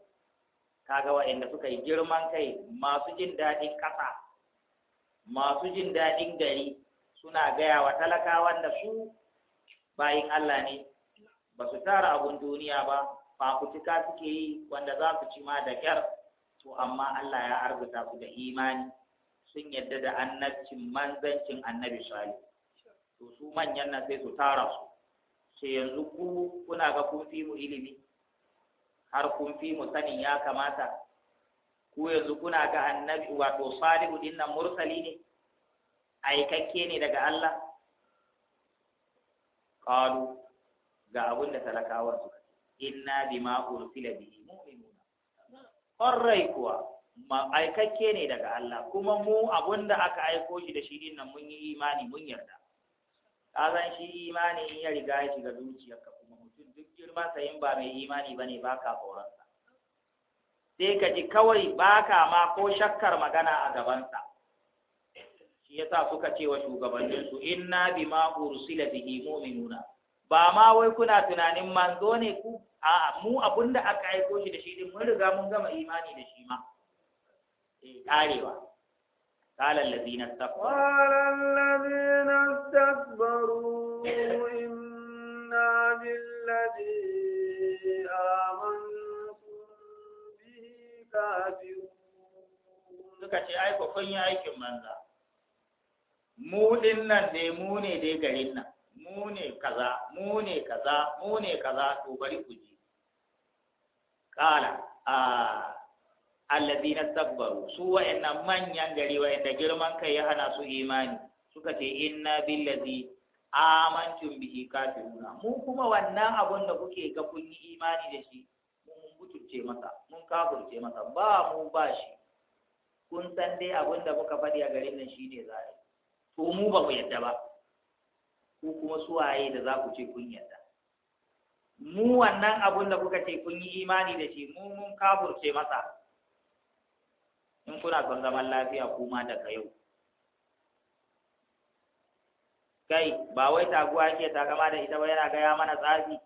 kaga waɗanda suka yi girman kai masu jin daɗin kasa, masu jin daɗin gari suna gaya wa talakawan da su bayin Allah ne ba su tara abun duniya ba fafutuka suke yi wanda za su ci ma da kyar to amma Allah ya arzuta su da imani sun yadda da annabcin manzancin annabi shali to su manyan nan sai su tara su sai yanzu ku kuna ga kun fi mu ilimi har kun fi mu sanin ya kamata ku yanzu kuna ga annabi wato salihu dinnan mursali ne aikakke ne daga Allah qalu ga abin da talakawar suka inna bima ursila bihi mu'minuna ƙwarai kuwa aikakke ne daga Allah kuma mu abunda aka aiko shi da shi dinnan mun yi imani mun yarda ka san shi imani in ya riga ya shiga zuciyarka kuma mutum duk girma sa in ba mai imani bane baka tsoron sa sai ka ji kawai baka ma ko shakkar magana a gabansa shi yasa suka ce wa shugabanninsu inna bima ursila bihi mu'minuna ba ma wai kuna tunanin manzo ne ku a'a mu abin da aka aiko shi da shi din mun riga mun gama imani da shi ma eh karewa قال الذين استكبروا قال الذين استكبروا إنا بالذي suka ce ai kun yi aikin manza mu din nan mu ne dai garin nan mu ne kaza mu ne kaza mu ne kaza to bari ku ji kala a alladina sabbaru su wa'annan manyan gari wa'anda girman kai ya hana su imani suka ce inna billazi amantum bihi kafiruna mu kuma wannan abun da kuke ga kun yi imani da shi mun mutunce masa mun kafurce masa ba mu ba shi kun san dai abun da muka faɗi a garin nan shine zai to mu ba mu yadda ba ku kuma suwaye da za ku ce kun yarda mu wannan abun da kuka ce kun yi imani da shi mu mun kafurce masa in kuna son zaman lafiya kuma daga yau kai ba wai taguwa yake takama da ita ba yana gaya mana tsafi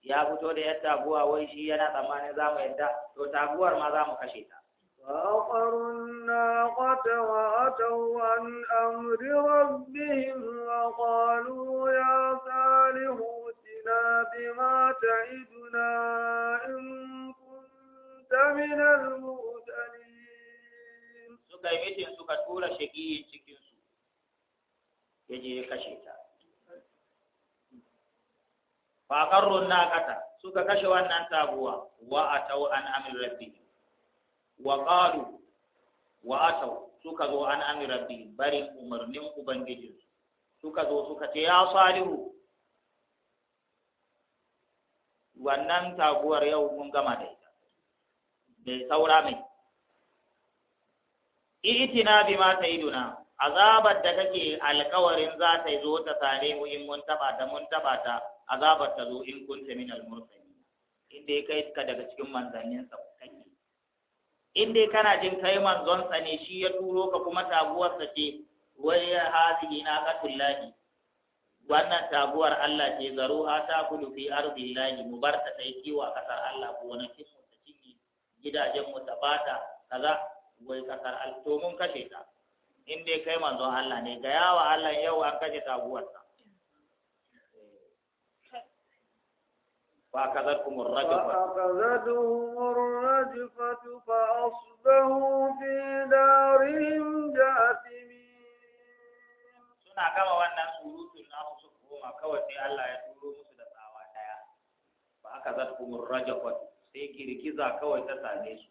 ya fito da yar taguwa wai shi yana tsammanin za mu yadda to taguwar ma za mu kashe ta فأخروا الناقة وأتوا عن أمر ربهم وقالوا يا صالح ائتنا بما تعدنا إن كنت من المرسلين suka yi suka ya je ya kashe ta faƙarrun na kata suka kashe wannan taguwa wa a tau an amir rabbihim wa wa atau suka zo an an rabbi bari umarnin ubangijinsu, suka zo suka ce ya salihu wannan taguwar yau mun gama da ita bai saura mai itina ta iduna azabar da kake alkawarin za ta zo ta sare mu in mun taba ta mun taba ta azabar ta zo in kunta min al-mursalin inda kai ka daga cikin manzannin sa in dai kana jin kai manzonsa ne shi ya turo ka kuma taguwarsa ce wai ina ka tullahi wannan tabuwar Allah ce ha ta kudu fi arzillahi mu bar ta tai kiwo a kasar Allah gonakin mu ta cinye gidajen mu ta bata kaza wai kasar Allah to mun kashe ta in dai kai manzon Allah ne ga yawa Allah yau an kashe taguwarsa فأخذتهم الرجفة فأخذتهم الرجفة فأصبحوا في دارهم جاثمين سنة كما وانا سوروت الناس سكوما كوتي ألا يسورو مسودة آواتايا فأخذتهم الرجفة سيكي ركزا كوتي تسانيسو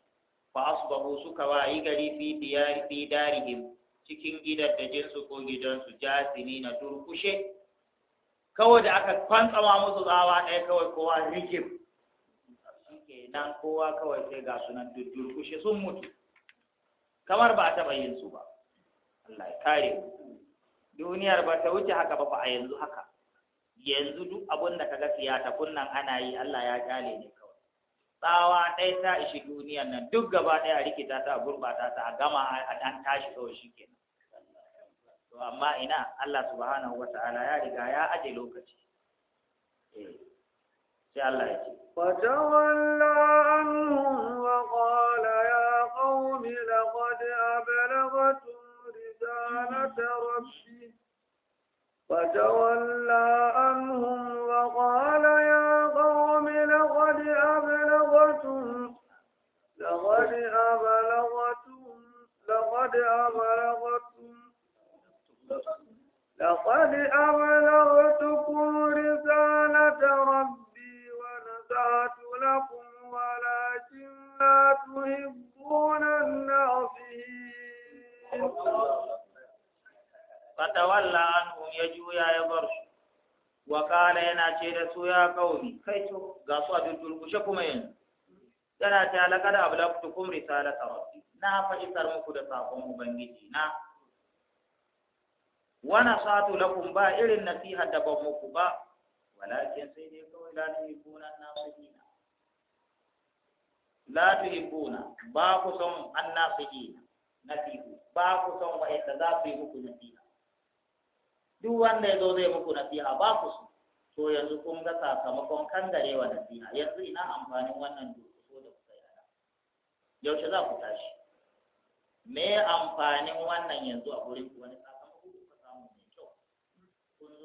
فأصبحوا سكوا إيغري في ديار في دارهم cikin gidan da jinsu ko gidansu jasimi na turkushe kawai da aka kwantsama musu tsawa ɗaya kawai kowa rike nan kowa kawai sai ga sunan durkushe sun mutu kamar ba a taɓa yin su ba Allah ya kare duniyar ba ta wuce haka ba a yanzu haka yanzu duk abin da kaga siyasa kunnan ana yi Allah ya kyale ne kawai tsawa ɗaya ta ishi duniyar nan duk gaba ɗaya rikita ta gurbata ta a gama an tashi kawai shikenan to amma ina Allah subhanahu wa ta'ala ya riga ya aje lokaci eh, sai Allah ya ce fatawalla anhum wa qala ya qaumi laqad ablaghatum risalata rabbi فتولى عنهم وقال يا قوم لقد أبلغتم لقد أبلغتم لقد أبلغتم لقد أبلغتكم رسالة ربي ونزعت لكم ولكن لا تهبون الناصحين فتولى عنهم يجو يا يبرش وقال ينا شيد يا قومي كيتو قصوا بالدلقشكم ين yana ta لقد abu رسالة ربي na fa isar muku da sakon ubangiji na Wana nasatu lakum ba irin nasiha da ban muku ba walakin sai dai kawai la tuhibuna nasihina la tuhibuna ba ku son an annasihina nasihu ba ku son wa yadda za su yi muku nasiha duk wanda ya zo zai muku nasiha ba ku so to yanzu kun ga sakamakon kangarewa nasiha yanzu ina amfanin wannan ko da kuka yi yaushe za ku tashi me amfanin wannan yanzu a gurin wani tsari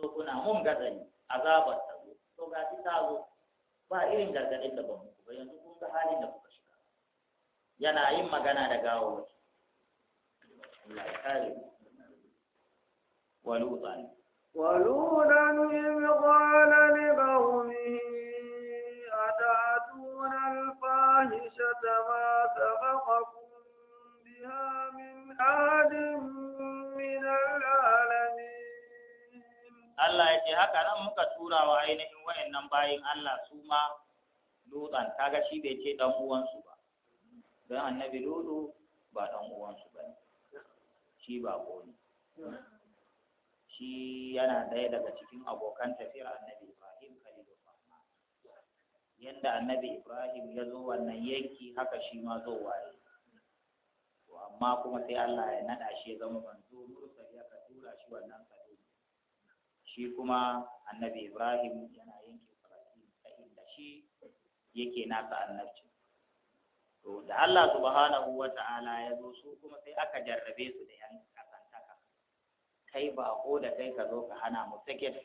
zo kuna mun gazali azabar ta zo to ga shi ta zo ba irin gargaɗin da ban muku ba yanzu kun ga halin da kuka shiga yana yin magana da gawo Allah ya kare ba ولولا إذ قال لقومه أتأتون الفاحشة ما سبقكم بها من أحد من العالمين Allah ya ce haka nan muka tura wa ainihin wayannan bayin Allah su ma Lutan kaga shi bai ce dan uwansu ba don annabi Lutu ba dan uwansu ba shi ba ne shi yana ɗaya daga cikin abokan tafiyar annabi Ibrahim Khalilu Rahman yanda annabi Ibrahim ya zo wannan yanki haka shi ma zo waye to amma kuma sai Allah ya nada shi ya zama manzo mursal ya ka tura shi wannan shi kuma annabi ibrahim yana yanke falastin ta inda shi yake nasa annabci to da allah subhanahu wa ta'ala ya zo su kuma sai aka jarrabe su da yan kasantaka kai ba ko da kai ka zo ka hana mu tiket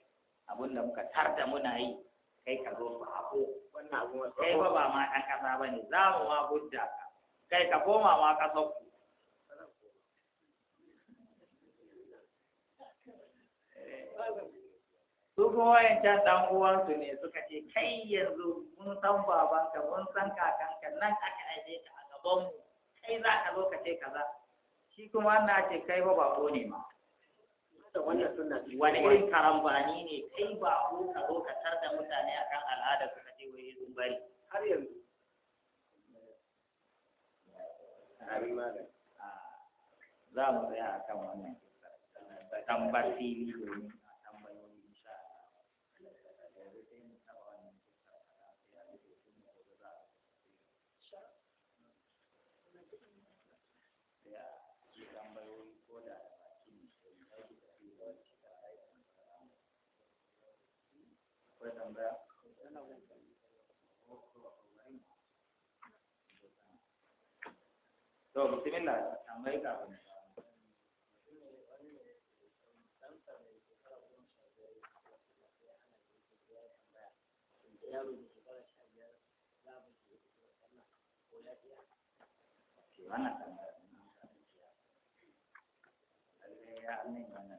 abin da muka tarda muna yi kai ka zo ba ko wannan kai ba ba ma ɗan ƙasa ba ne za mu ma hujja ka kai ka koma ma ƙasar ku su kuma wayancan dan uwansu ne suka ce kai yanzu mun san babanka mun san kakanka nan aka aje ka a gaban mu kai za ka zo kaza shi kuma na ce kai ba bako ne ma wani irin karambani ne kai ko ka zo ka tar da mutane akan al'ada suka ce wai sun bari har yanzu ah, za mu tsaya akan wannan tambar fili domin to bismillah tambayi kafin wannan tambaya ya annin wannan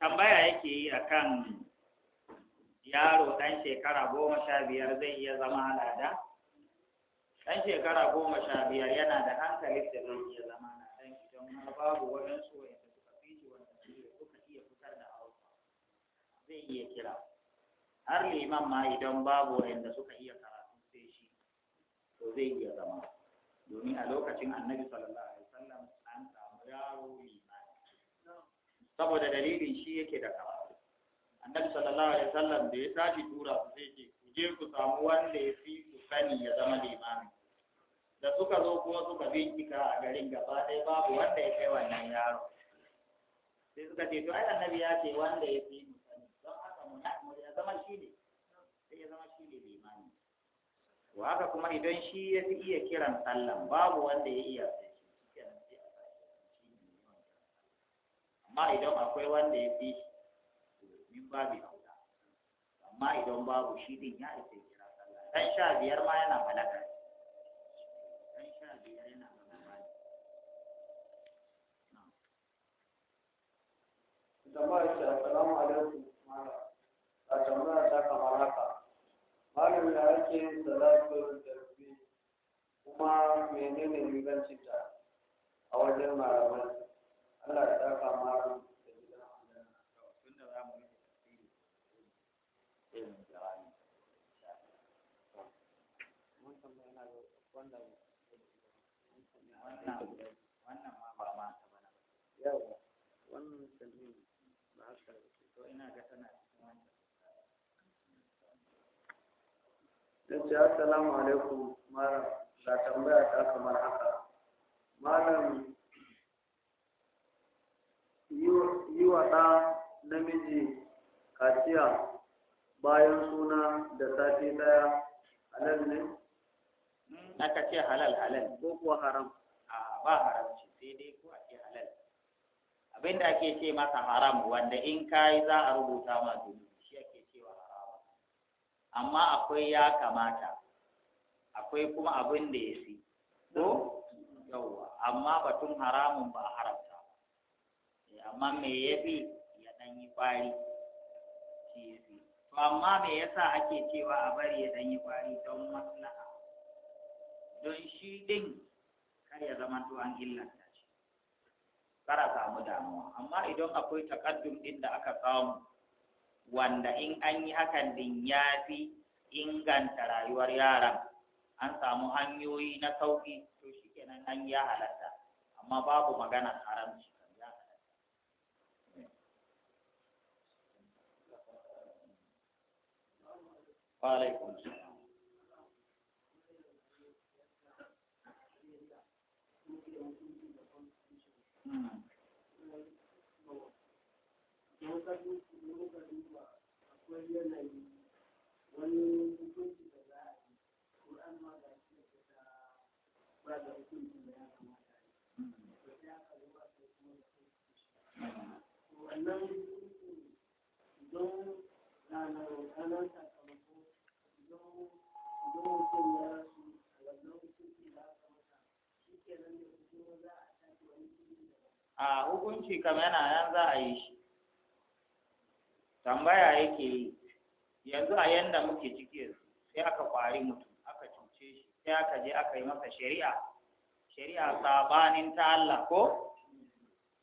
tambaya yake yi a kan yaro ɗan shekara goma sha biyar zai iya zama halada ɗan shekara goma sha biyar yana da hankali da zai iya zama na ɗan don har babu waɗansu da suka fi shi wanda suka iya fitar da hausa zai iya kira har liman ma idan babu wanda suka iya karatu sai shi to zai iya zama domin a lokacin annabi sallallahu alaihi wasallam an samu yaro liman saboda dalilin shi yake da kama annabi sallallahu alaihi wasallam da ya tashi tura su sai ce ku je ku samu wanda ya fi ku sani ya zama limami da suka zo kuma suka bincika a garin gaba ɗaya babu wanda ya kai wannan yaro sai suka ce to ai annabi ya ce wanda ya fi mu sani don haka mu ya zama shi ne sai ya zama shi ne limami to haka kuma idan shi ya fi iya kiran sallan babu wanda ya iya amma idan akwai wanda ya fi shi min babu aula amma idan babu shi din ya isa kira sallah dan sha biyar ma yana balaga dan sha biyar yana balaga jama'a ce assalamu alaikum a tambaya ta kamar haka malamin da ake yin salatul tarbi kuma menene ingancinta a wajen malamai Allah ya saka ma da gidan Allah tun da za mu yi na wannan ba assalamu alaikum mara ga tambaya ta kamar haka malam yi wa ɗa namiji kaciya bayan suna da sati ɗaya halal ne? aka ce halal halal ko kuwa haram a ba haramci sai dai ko a ce halal abinda ake ce masa haram wanda in kayi za a rubuta ma zunubi shi ake cewa haram amma akwai ya kamata akwai kuma abin da ya fi ko Yauwa, amma batun haramun ba haram amma me ya fi ya ɗan yi ƙwari to amma me yasa ake cewa a bari ya ɗan yi ƙwari don maslaha don shi ɗin kar ya zama to an illanta shi kar samu damuwa amma idan akwai takaddum ɗin da aka samu wanda in an yi hakan din ya fi inganta rayuwar yaran an samu hanyoyi na sauƙi to shi kenan an ya halatta amma babu magana haramci wa alaikum salam Wannan don ranar ranar a hukunci kamar yana nan za a yi shi tambaya yake yi yanzu a yanda muke cike sai aka kwari mutum aka cuce shi sai aka je aka yi masa shari'a shari'a sabanin ta Allah ko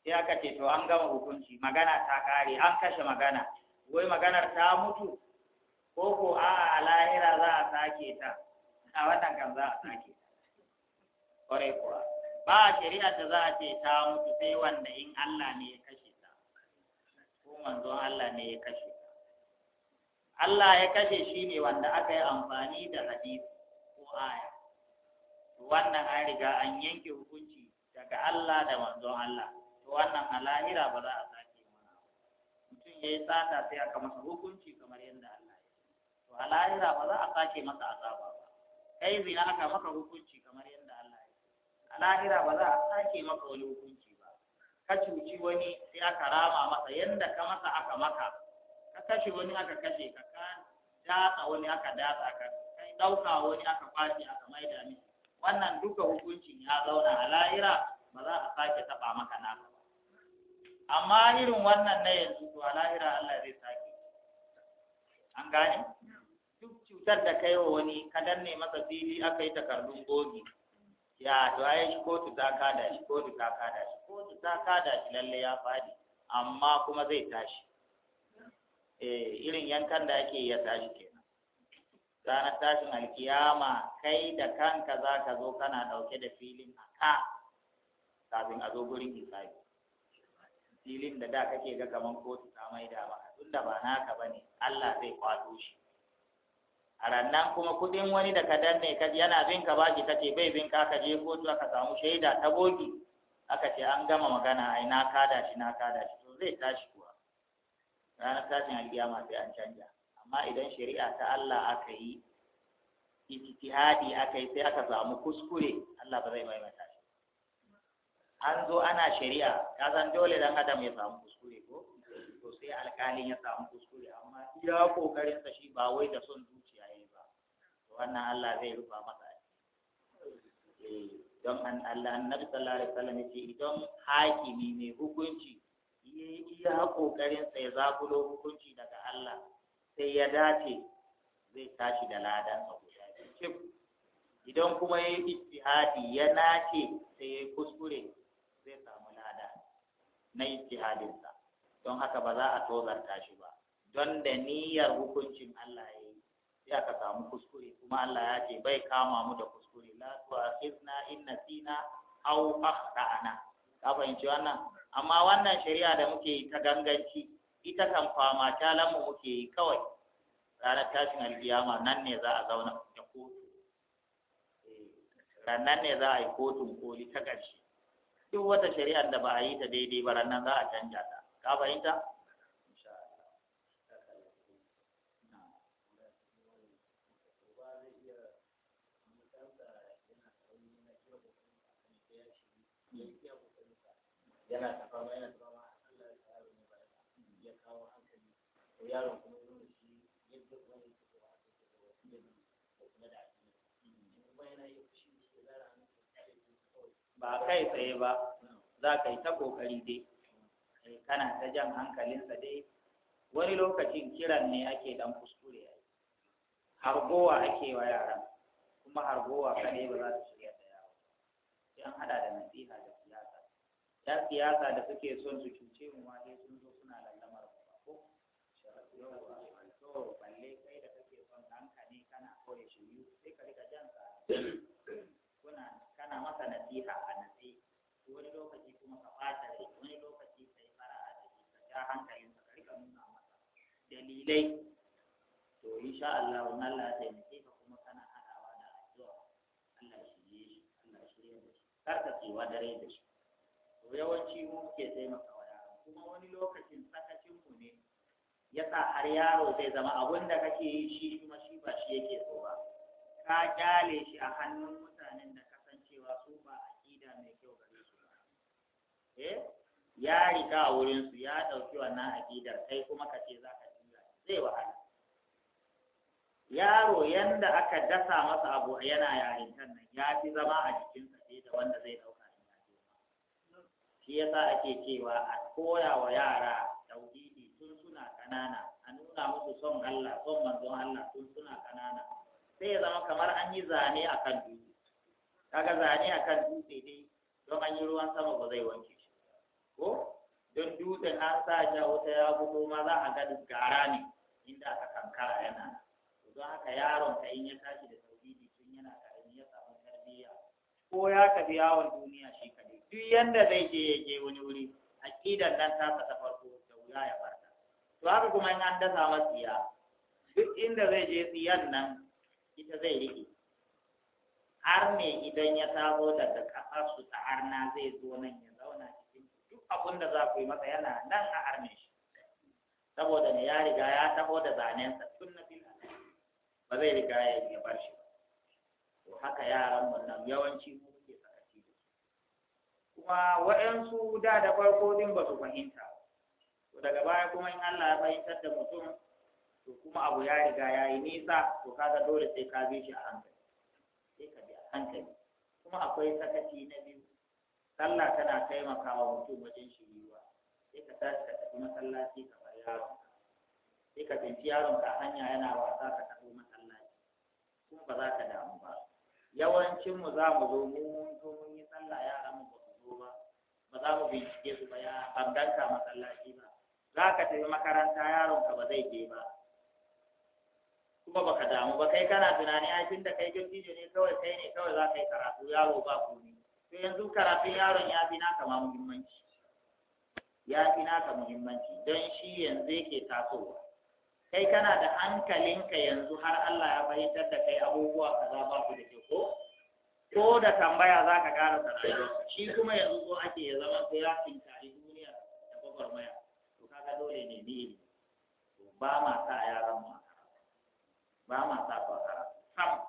sai aka ce to an gama hukunci magana ta kare an kashe magana wai maganar ta mutu ko ko a lahira za a sake ta a wannan kan za a sake ta kwarai kuwa ba shari'ar da za a ce ta mutu sai wanda in Allah ne ya kashe ta ko manzo Allah ne ya kashe ta Allah ya kashe shi ne wanda aka yi amfani da hadisi ko aya wannan an riga an yanke hukunci daga Allah da manzon Allah to wannan a lahira ba za a sake mana mutum ya yi tsada sai aka masa hukunci kamar yadda a lahira ba za a sake masa azaba ba kai zina aka maka hukunci kamar yadda Allah ya a lahira ba za a sake maka wani hukunci ba ka cuci wani sai aka rama masa yadda ka masa aka maka ka kashe wani aka kashe ka ka datsa wani aka datsa ka kai ɗauka wani aka kwace aka maida mi wannan duka hukuncin ya zauna a lahira ba za a sake taɓa maka naka ba amma irin wannan na yanzu to a lahira Allah zai sake an gane duk cutar da kai wa wani ka danne masa fili aka yi takardun gogi ya to ai shi kotu ta kada shi kotu ta kada shi kotu ta kada shi lalle ya fadi amma kuma zai tashi eh irin yankan da yake ya tashi kenan ranar tashin alkiyama kai da kanka za ka zo kana dauke da filin a ka kafin a zo gurin hisabi filin da da kake ga kaman kotu ta maida maka tunda ba naka bane Allah zai kwato shi a rannan kuma kuɗin wani da ka danne kaji yana bin ka baki ka ce bai bin ka ka je kotu aka samu shaida ta bogi aka ce an gama magana ai na kada shi na kada shi to zai tashi kuwa ranar tashin alkiyama sai an canja amma idan shari'a ta Allah aka yi ijtihadi aka yi sai aka samu kuskure Allah ba zai mata shi an zo ana shari'a ka san dole dan adam ya samu kuskure ko to sai alkalin ya samu kuskure amma ya kokarin sa shi ba wai da son wannan Allah zai rufa masa eh, don an Allah annabi sallallahu alaihi wasallam yace idan hakimi mai hukunci yayi iya kokarin sa ya zabulo hukunci daga Allah sai ya dace zai tashi da ladan sa guda biyu idan kuma yayi ijtihadi ya nace sai ya kuskure zai samu lada na ijtihadin sa don haka ba za a tozarta shi ba don da niyyar hukuncin Allah ya sai aka samu kuskure kuma Allah ya ce bai kama mu da kuskure la akhizna in nasina aw akhtana ka fahimci wannan amma wannan shari'a da muke yi ta ganganci ita kan fama ta lamu muke yi kawai ranar tashin alkiyama nan ne za a zauna da kotu eh, nan ne za a yi kotun koli ta ƙarshe duk wata shari'ar da ba a yi ta daidai ba ran nan za a canja ta ka fahimta yana ta fama yana ta fama Allah ya kawo ne ba ya kawo hankali to yaron kuma yana da shi yadda kuma yake so a cikin da wasu da kuma da addini kuma yana yi fushi da shi zara ne ba kai tsaye ba za ka yi ta kokari dai eh, kana ta jan hankalinsa dai wani lokacin kiran ne ake dan kuskure a hargowa ake wa yaran kuma hargowa kaɗai ba za su shirya da yawo sai an haɗa da nasiha da ya siyasa da suke son su cuce mu ma dai sun zo suna lallamar mu ko to balle kai da kake son danka ne kana kawai shi sai ka rika jan sa kuna kana masa nasiha a nasi wani lokaci kuma ka bata rai wani lokaci sai fara'a da shi ka ja hankalin ka rika nuna masa dalilai to insha Allah wannan Allah ya taimake ka kuma kana hadawa da addu'a Allah shi ne shi Allah shi ne shi kar ka tsiwa dare da shi to yawanci mu ke taimaka waya, yaro kuma wani lokacin sakacin mu ne yasa har yaro zai zama abun da kake yi shi kuma shi ba shi yake so ba ka kyale shi a hannun mutanen da kasancewa su ba aqida mai kyau gare su ba eh ya riga wurin su ya dauki wannan aqidar kai kuma ka ce za zaka tura zai wahala yaro yanda aka dasa masa abu yana yarintan nan ya fi zama a jikinsa fiye da wanda zai ɗauka. shi yasa ake cewa a koya wa yara tauhidi tun suna kanana a nuna musu son Allah son manzon Allah tun suna kanana sai ya zama kamar an yi zane akan dutse kaga zane akan dutse dai don an yi ruwan sama ba zai wanke shi ko don dutsen an sa ja wata ya bugo ma za a ga gara ne inda aka kankara yana don haka yaron ka in ya tashi da tauhidi tun yana karami ya samu tarbiyya ko ya tafi yawon duniya shi ka duk yanda zai je ya je wani wuri aƙidar nan tasa ta farko da wuya ya farka to haka kuma in an dasa masiya duk inda zai je tsiyan nan ita zai riƙe har ne idan ya tabo daga ƙasar su ta arna zai zo nan ya zauna cikin duk abin da za ku yi masa yana nan a arne shi saboda ne ya riga ya taho da zanensa tun na fil ba zai riga ya bar shi ba. to haka yaran mu nan yawanci mu kuma waɗansu da da farko din ba su fahimta to daga baya kuma in Allah ya fahimtar da mutum to kuma abu ya riga ya yi nisa to kaga dole sai ka bi shi a hankali sai ka bi a hankali kuma akwai sakaci na biyu sallah tana taimakawa mutum wajen shiriwa sai ka tashi ka tafi masallaci ka bar yaron sai ka tafi yaron ka hanya yana wasa ka tafi masallaci kuma ba za ka damu ba yawancin mu za mu zo mu mun zo mun yi sallah ya ba za mu bincike su ba ya bambanta masallaci ba za ka tafi makaranta yaronka ba zai je ba kuma baka damu ba kai kana tunani ai tunda kai gajiyo ne kawai kai ne kawai za ka yi karatu yaro ba ne to yanzu karatun yaron ya fi naka ma muhimmanci ya fi naka muhimmanci don shi yanzu yake tasowa kai kana da hankalinka yanzu har Allah ya fahimtar da kai abubuwa kaza ba ku da ke ko ko da tambaya za ka ƙara sarayuwa shi kuma yanzu zo ake ya zama sai ya tinkari duniya da gwagwarmaya to kaga dole ne ne ba ma sa yaran mu ba ma sa su a sam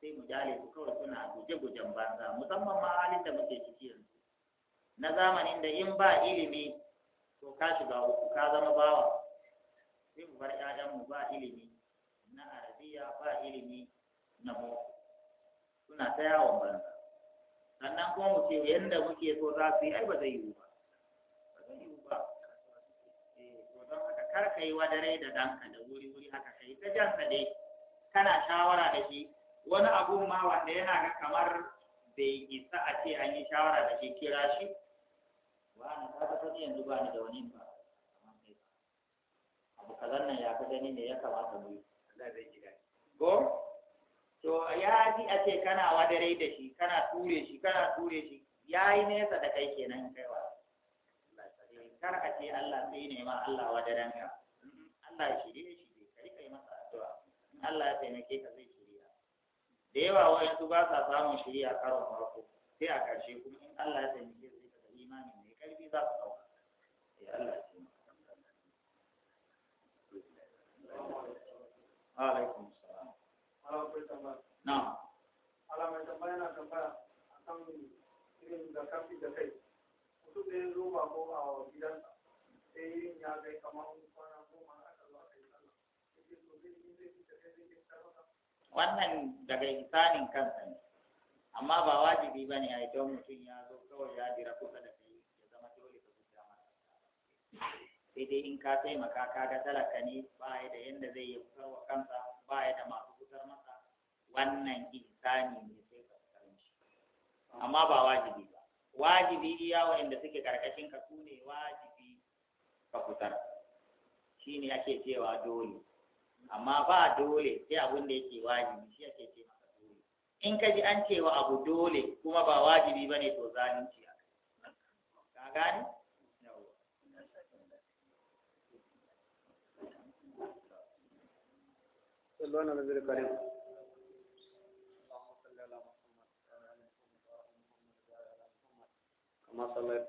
sai mu jale su kawai suna guje-gujen banza musamman ma halin da muke ciki yanzu na zamanin da in ba ilimi to ka shiga uku ka zama bawa sai mu bar 'ya'yanmu ba ilimi na arabiya ba ilimi na mu suna ta yawon banza sannan kuma mu ce yadda muke so za su yi ai ba zai yiwu ba ba zai yiwu ba eh, to don haka kar ka yi wadare da danka da wuri wuri haka kai ta jansa dai kana shawara da shi wani abun ma wanda yana ga kamar bai isa a ce an yi shawara da shi kira shi Ba wani ta ga sani yanzu ba ni da wani ba abu kazan nan ya ka gani ne ya kamata mu yi Allah zai ji daɗi. to ya ji a ce kana wadare da shi kana ture shi kana ture shi ya yi nesa da kai kenan kaiwa kar a ce Allah sai ne ma Allah wadaren ka Allah shirye shi ne kai kai masa addu'a in Allah ya taimake ka zai shirya da yawa wayansu ba sa samun a karon farko sai a ƙarshe kuma in Allah ya taimake zai ka da imani mai karfi za su dauka sai Allah ya taimake alaikum wannan daga insanin kansa ne amma ba wajibi ba ne a idan mutum ya zo kawai ya jira kusa da kai ya zama dole ka zuciya masa sai dai in ka taimaka ka ga talaka ne ba ya da yadda zai yi kusar wa kansa ba ya da masu kusar masa wannan insani ne sai ka kusar shi amma ba wajibi ba wajibi iya inda suke karkashin ka su ne wajibi ka kusar. shi ne ake cewa dole amma ba dole sai abin da yake wajibi shi ake ce maka dole in ka ji an cewa abu dole kuma ba wajibi bane to zalunci ka gane صلوا على النبي الكريم كما صليت